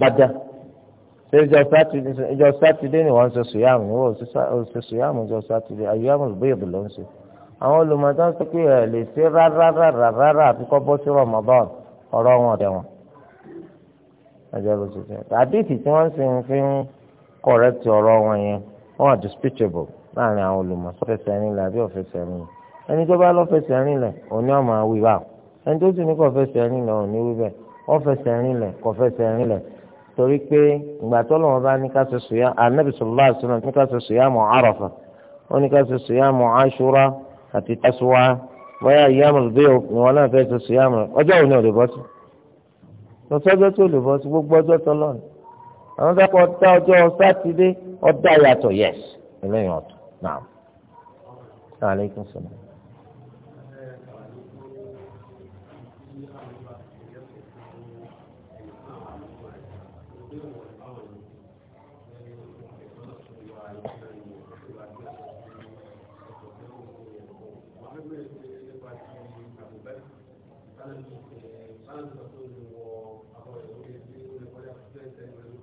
padà ìjọ sátidé ìjọ sátidé ni wọ́n ṣe sùyàmù ni wọ́n ṣe sùyàmù ìjọ sátidé àyàmù bíyèbù ló ń ṣe àwọn olùmọ̀tán sọ pé ẹ lè ṣe rárá rárá rárá àfikọ́ bọ́ sí Ramadan ọ̀rọ̀ wọn ọ̀dẹ̀ wọn ẹjọ́ ló ti jẹ́ àdéhìí tí wọ́n sì ń fi ń kọ̀rẹ́tì ọ̀rọ̀ wọn yẹn wọ́n wà disputable láàrin àwọn olùmọ̀ fẹsẹ̀ nílẹ̀ àbí ọ̀fẹsẹ̀ nílẹ̀ ẹni tó bá lọ́fẹsẹ̀ nílẹ̀ òní ọ̀mọ̀ àwì wà ẹni tó sì ní kọ̀fẹsẹ̀ nílẹ̀ òní wíbẹ̀ ọ̀fẹsẹ̀ nílẹ̀ kọ̀fẹsẹ̀ nílẹ̀ torí pé ìgbà tó lọ́wọ́ bá ní ká ṣe sùyà ànábì sọ̀rọ̀ àṣùnà ní ká ṣe sùyà mọ̀ àràfà ó ní ká ṣe sùyà mọ̀ àṣùrà àti tasuwa bóyá ìyáàmù bí wọn náà fẹ́ẹ́ tó sùn yáàmù ọjọ́ òní ò lè bọ́ sí lọ́sọ́jọ́ tó lè bọ́ sí gbogbo ọjọ́ tó lọ́nà àwọn sábà ọ̀dà ọjọ́ sátidé ọ̀dà yàtọ̀ yẹs ẹlẹ́yìn ọ̀tún náà.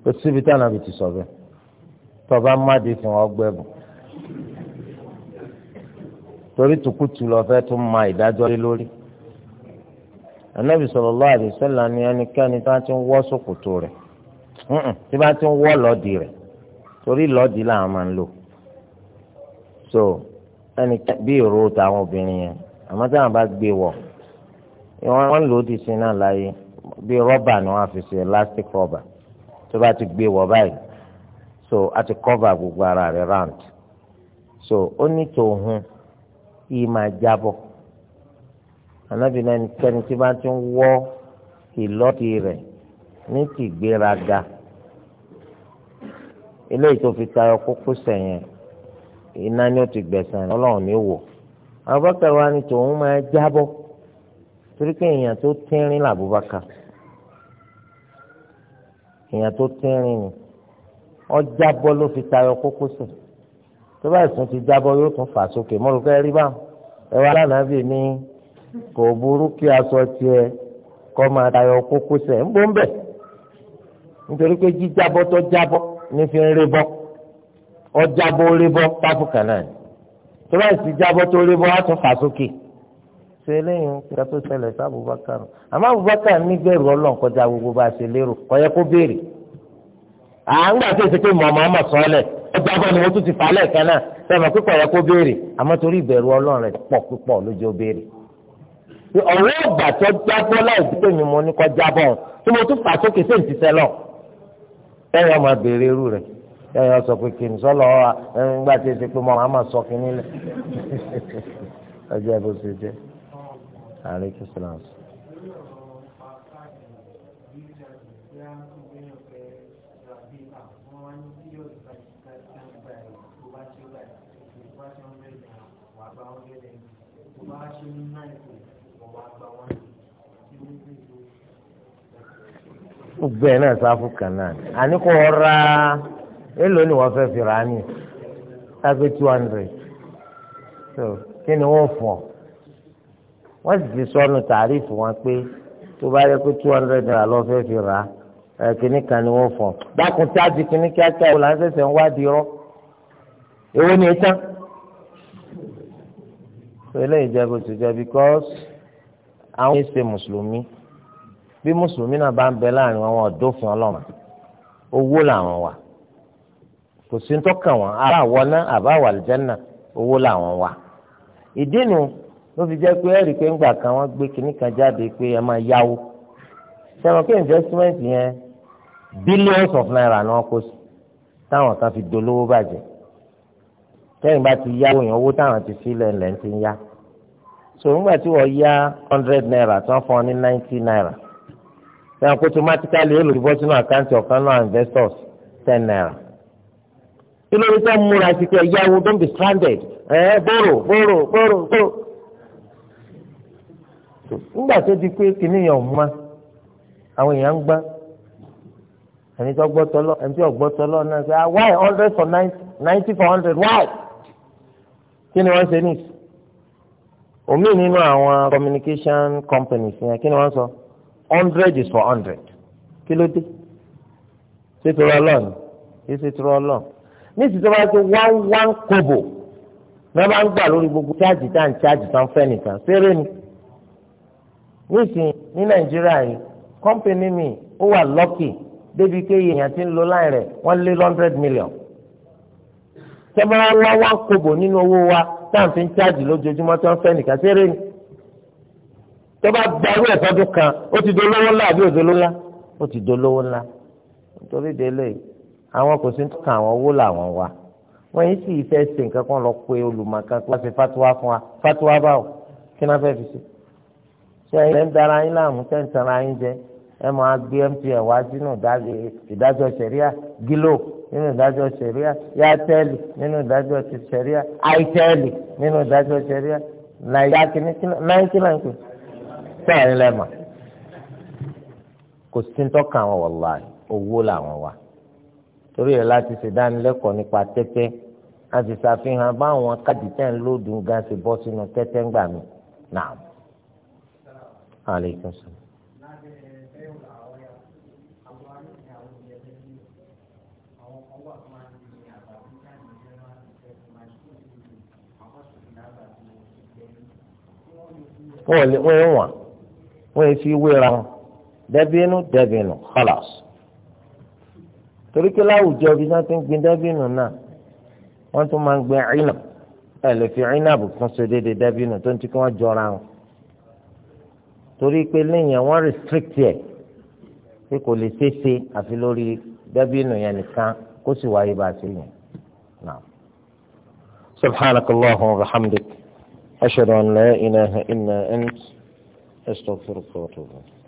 kò síbi tí ànábì ti sọ bẹ́ẹ̀ tọba mmadi fún ọgbẹ́ bù torí tukutu lọ fẹ́ tún ma ìdájọ́ lé lórí ànábì sallallahu alaihi wasallam ni ẹnikẹ́ni tí wọ́n ti ń wọ́ ṣòkòtò rẹ̀ tí wọ́n ti ń wọ́ lọ́ọ̀dì rẹ̀ torí lọ́ọ̀dì làwọn máa ń lò so ẹni bí ìró táwọn obìnrin yẹn àmọ́ tí wọ́n bá gbé wọ̀ wọ́n lò di sí náà láyé bí rọ́bà ni wọ́n fi ṣe elastic rubber tó bá ti gbé wọ̀ báyìí so a ti cover gbogbo ara rẹ̀ round so ó ní tòun yìí máa jábọ̀ anabi náà kẹ́ni tí bá ti ń wọ́ ìlọ́tì rẹ̀ ní tìgbéraga eléyìí tó fi tayọ kókó sẹ̀yìn iná ni ó ti gbẹ̀sán ọlọ́run ní wò abubakar wa ni tòun máa jábọ́ torí pé èèyàn tó tínrín làbúbakar èèyàn tó tínrín ni ó jábọ́ ló fi tayọ kókósẹ̀ tó bá ìsún ti jábọ́ yóò tún fà sókè mo rò fẹ́ rí bá ẹ wá lánàá bì ní kò burú kí aṣọ tiẹ̀ kọ́ máa tayọ kókósẹ̀ ń bọ́ ń bẹ̀ nítorí pé jíjábọ́ tó jábọ́ ní fi ń rí bọ́ ọ jábọ́ kan náà tó bá ìsún jábọ́ tó rí á tún fà sókè ṣe eléyìí nígbà tó ṣẹlẹ̀ sí Abubakar àmọ́ Abubakar nígbẹ̀rù Ọlọ́run gbogbo bá a ṣe lérò kò yẹ kó béèrè àǹgbà tó ṣe pé mọ̀mọ́ ọmọ sọ́ọ́lẹ̀ ọjọ́ abọ́ ni wọ́n tún ti fà á lẹ́ẹ̀kan náà sẹ́wọ̀n pípọ̀ yẹ kó béèrè àmọ́ torí ìbẹ̀rù Ọlọ́run rẹ̀ pọ̀ pípọ̀ lójó béèrè ọ̀rọ̀ ọ̀gbà tó jábọ́ láì dúpẹ́ mi mo ní kọ́ jábọ́ tí mo tún fà sókè sí ìtìsẹ́ lọ. ẹ̀yin ọmọ béèrè irú rẹ̀ ẹ̀yin ọ̀sọ̀ pé kì í sọ́lọ̀ ẹ̀yin gbà tí ẹ ti pé mo máa ma sọ kínní lẹ̀ ọjọ́ ẹ̀ bó ṣe jẹ́ àríkí sílẹ̀nsì. gbogbo ẹ náà sáfù kan náà àní kò ra èlò ni wọ́n fẹ́ fi rà á ní lágbé two hundred so kí ni wọ́n fọ̀ wọ́n sì ti sọnù tàrífù wọn pé tó bá yẹ kó two hundred naira lọ fẹ́ fi rà á kínní kan ni wọ́n fọ̀ dákun tí a di kínní kíákíá wò láti ṣẹ̀ṣẹ̀ ń wádìí rọ́ èwo ni etán eléyìí jẹ́ bó ti jẹ́ because àwọn èsè mùsùlùmí bí mùsùlùmí náà bá ń bẹ láàrin wọn wọn dófin ọlọ́run owó làwọn wà kò sí ń tọ́kàn wọn àbá wọná àbá wàlìjánà owó làwọn wà ìdí nu ló fi jẹ́ pé ẹ̀rí pé ńgbà kan wọ́n gbé kinní kan jáde pé ẹ máa yáwó sẹ́wọ̀n pé investment yẹn billions of naira ni wọ́n kó sí táwọn kan fi dolówó bàjẹ́ tẹ́yìn bá ti yáwó yẹn owó táwọn ti fi lẹ́ńlẹ́ ti ń yá so nígbà tí wọ́n yá hundred naira tí wọ́n fún ọ ní ninety naira sẹ́wọ̀n pé automatically ó lò ó bọ́ sínú àkáǹtì ọ̀kan náà investors ten naira kí ló dé sẹ́wọ̀n múra sí pé yáwó don't be stranded ẹ̀ bóró bóró bóró bóró nígbà tó di pé kìnìyàn mú wa àwọn èèyàn ń gbá ẹni tó gbọ́ tọ́lọ́ ẹni tó gbọ́ tọ́lọ́ náà ṣe ah why hundred for ninety ninety for hundred why kí ni wọ́n ṣe ní omi nínú àwọn communication companies yẹn kí ni wọ́n sọ hundred is for hundred kí ló dé ṣé tó rọ lọ́ọ̀nù kí ṣe tó rọ lọ́ọ̀nù ní ti bá ṣe one one kobo ní wọ́n bá ń gbà lórí gbogbo chájì tá à ń chájì tán fẹ́ nìkan ṣeré ni nísìnyí ní nàìjíríà yìí kọ́mpìnì mi ó wà lọ́kì débi pé èèyàn ti ń lo láì rẹ̀ wọ́n lé hundred million tẹ́mọ́rá wá wá kobo nínú owó wa táwọn fi ń chájì lójoojúmọ́ tó ń fẹ́ nìkan ṣeré ni tó bá darú ẹ̀sọ́dún kan ó ti dolówó ńlá àbí òdolówó ńlá ó ti dolówó ńlá nítorí délé àwọn kò sí ń àwọn owó làwọn wa wọ́n yìí sì fẹ́ ṣe nǹkan kan lọ pé olùmọ̀kan kí wọ́n ṣe fatuwa fún wa fatuwa báwo kí náà fẹ́ fi ṣe. ṣe ẹ ń dara yín láàmú ṣe ń tara yín jẹ ẹ máa gbé mtn wá sínú ìdájọ́ sẹríà gílò nínú ìdájọ́ sẹríà yátẹẹlì nínú ìdájọ́ sẹríà àìtẹẹlì nínú sẹríà kìíní kò sí tọ́ka àwọn wọ̀lá owó làwọn wà torí ẹ̀ láti nípa tẹ́tẹ́ Alaikum salaam. wọ́n lè wọ́n wọ́n wọ́n yẹ fi wéra wọn dẹ́bínú dẹ́bínú kọ́làs. torí pé láwùjọ bí wọ́n ti ń gbin dẹ́bínú náà wọ́n tún máa ń gbin ẹ̀yìnà ẹ̀ lè fi ẹ̀yìnà bùkún ṣe déédéé dẹ́bínú tó ń ti kí wọ́n jọra wọn torí pé lẹ́yìn àwọn restricted. ẹ̀ pé kò lè ṣeéṣe àfi lórí dàbínù yẹn nìkan kó sì wáyé bá a ṣe yẹn. سبحانك اللهم وبحمدك أشهد أن لا إله إلا أنت أستغفرك وأتوب إليك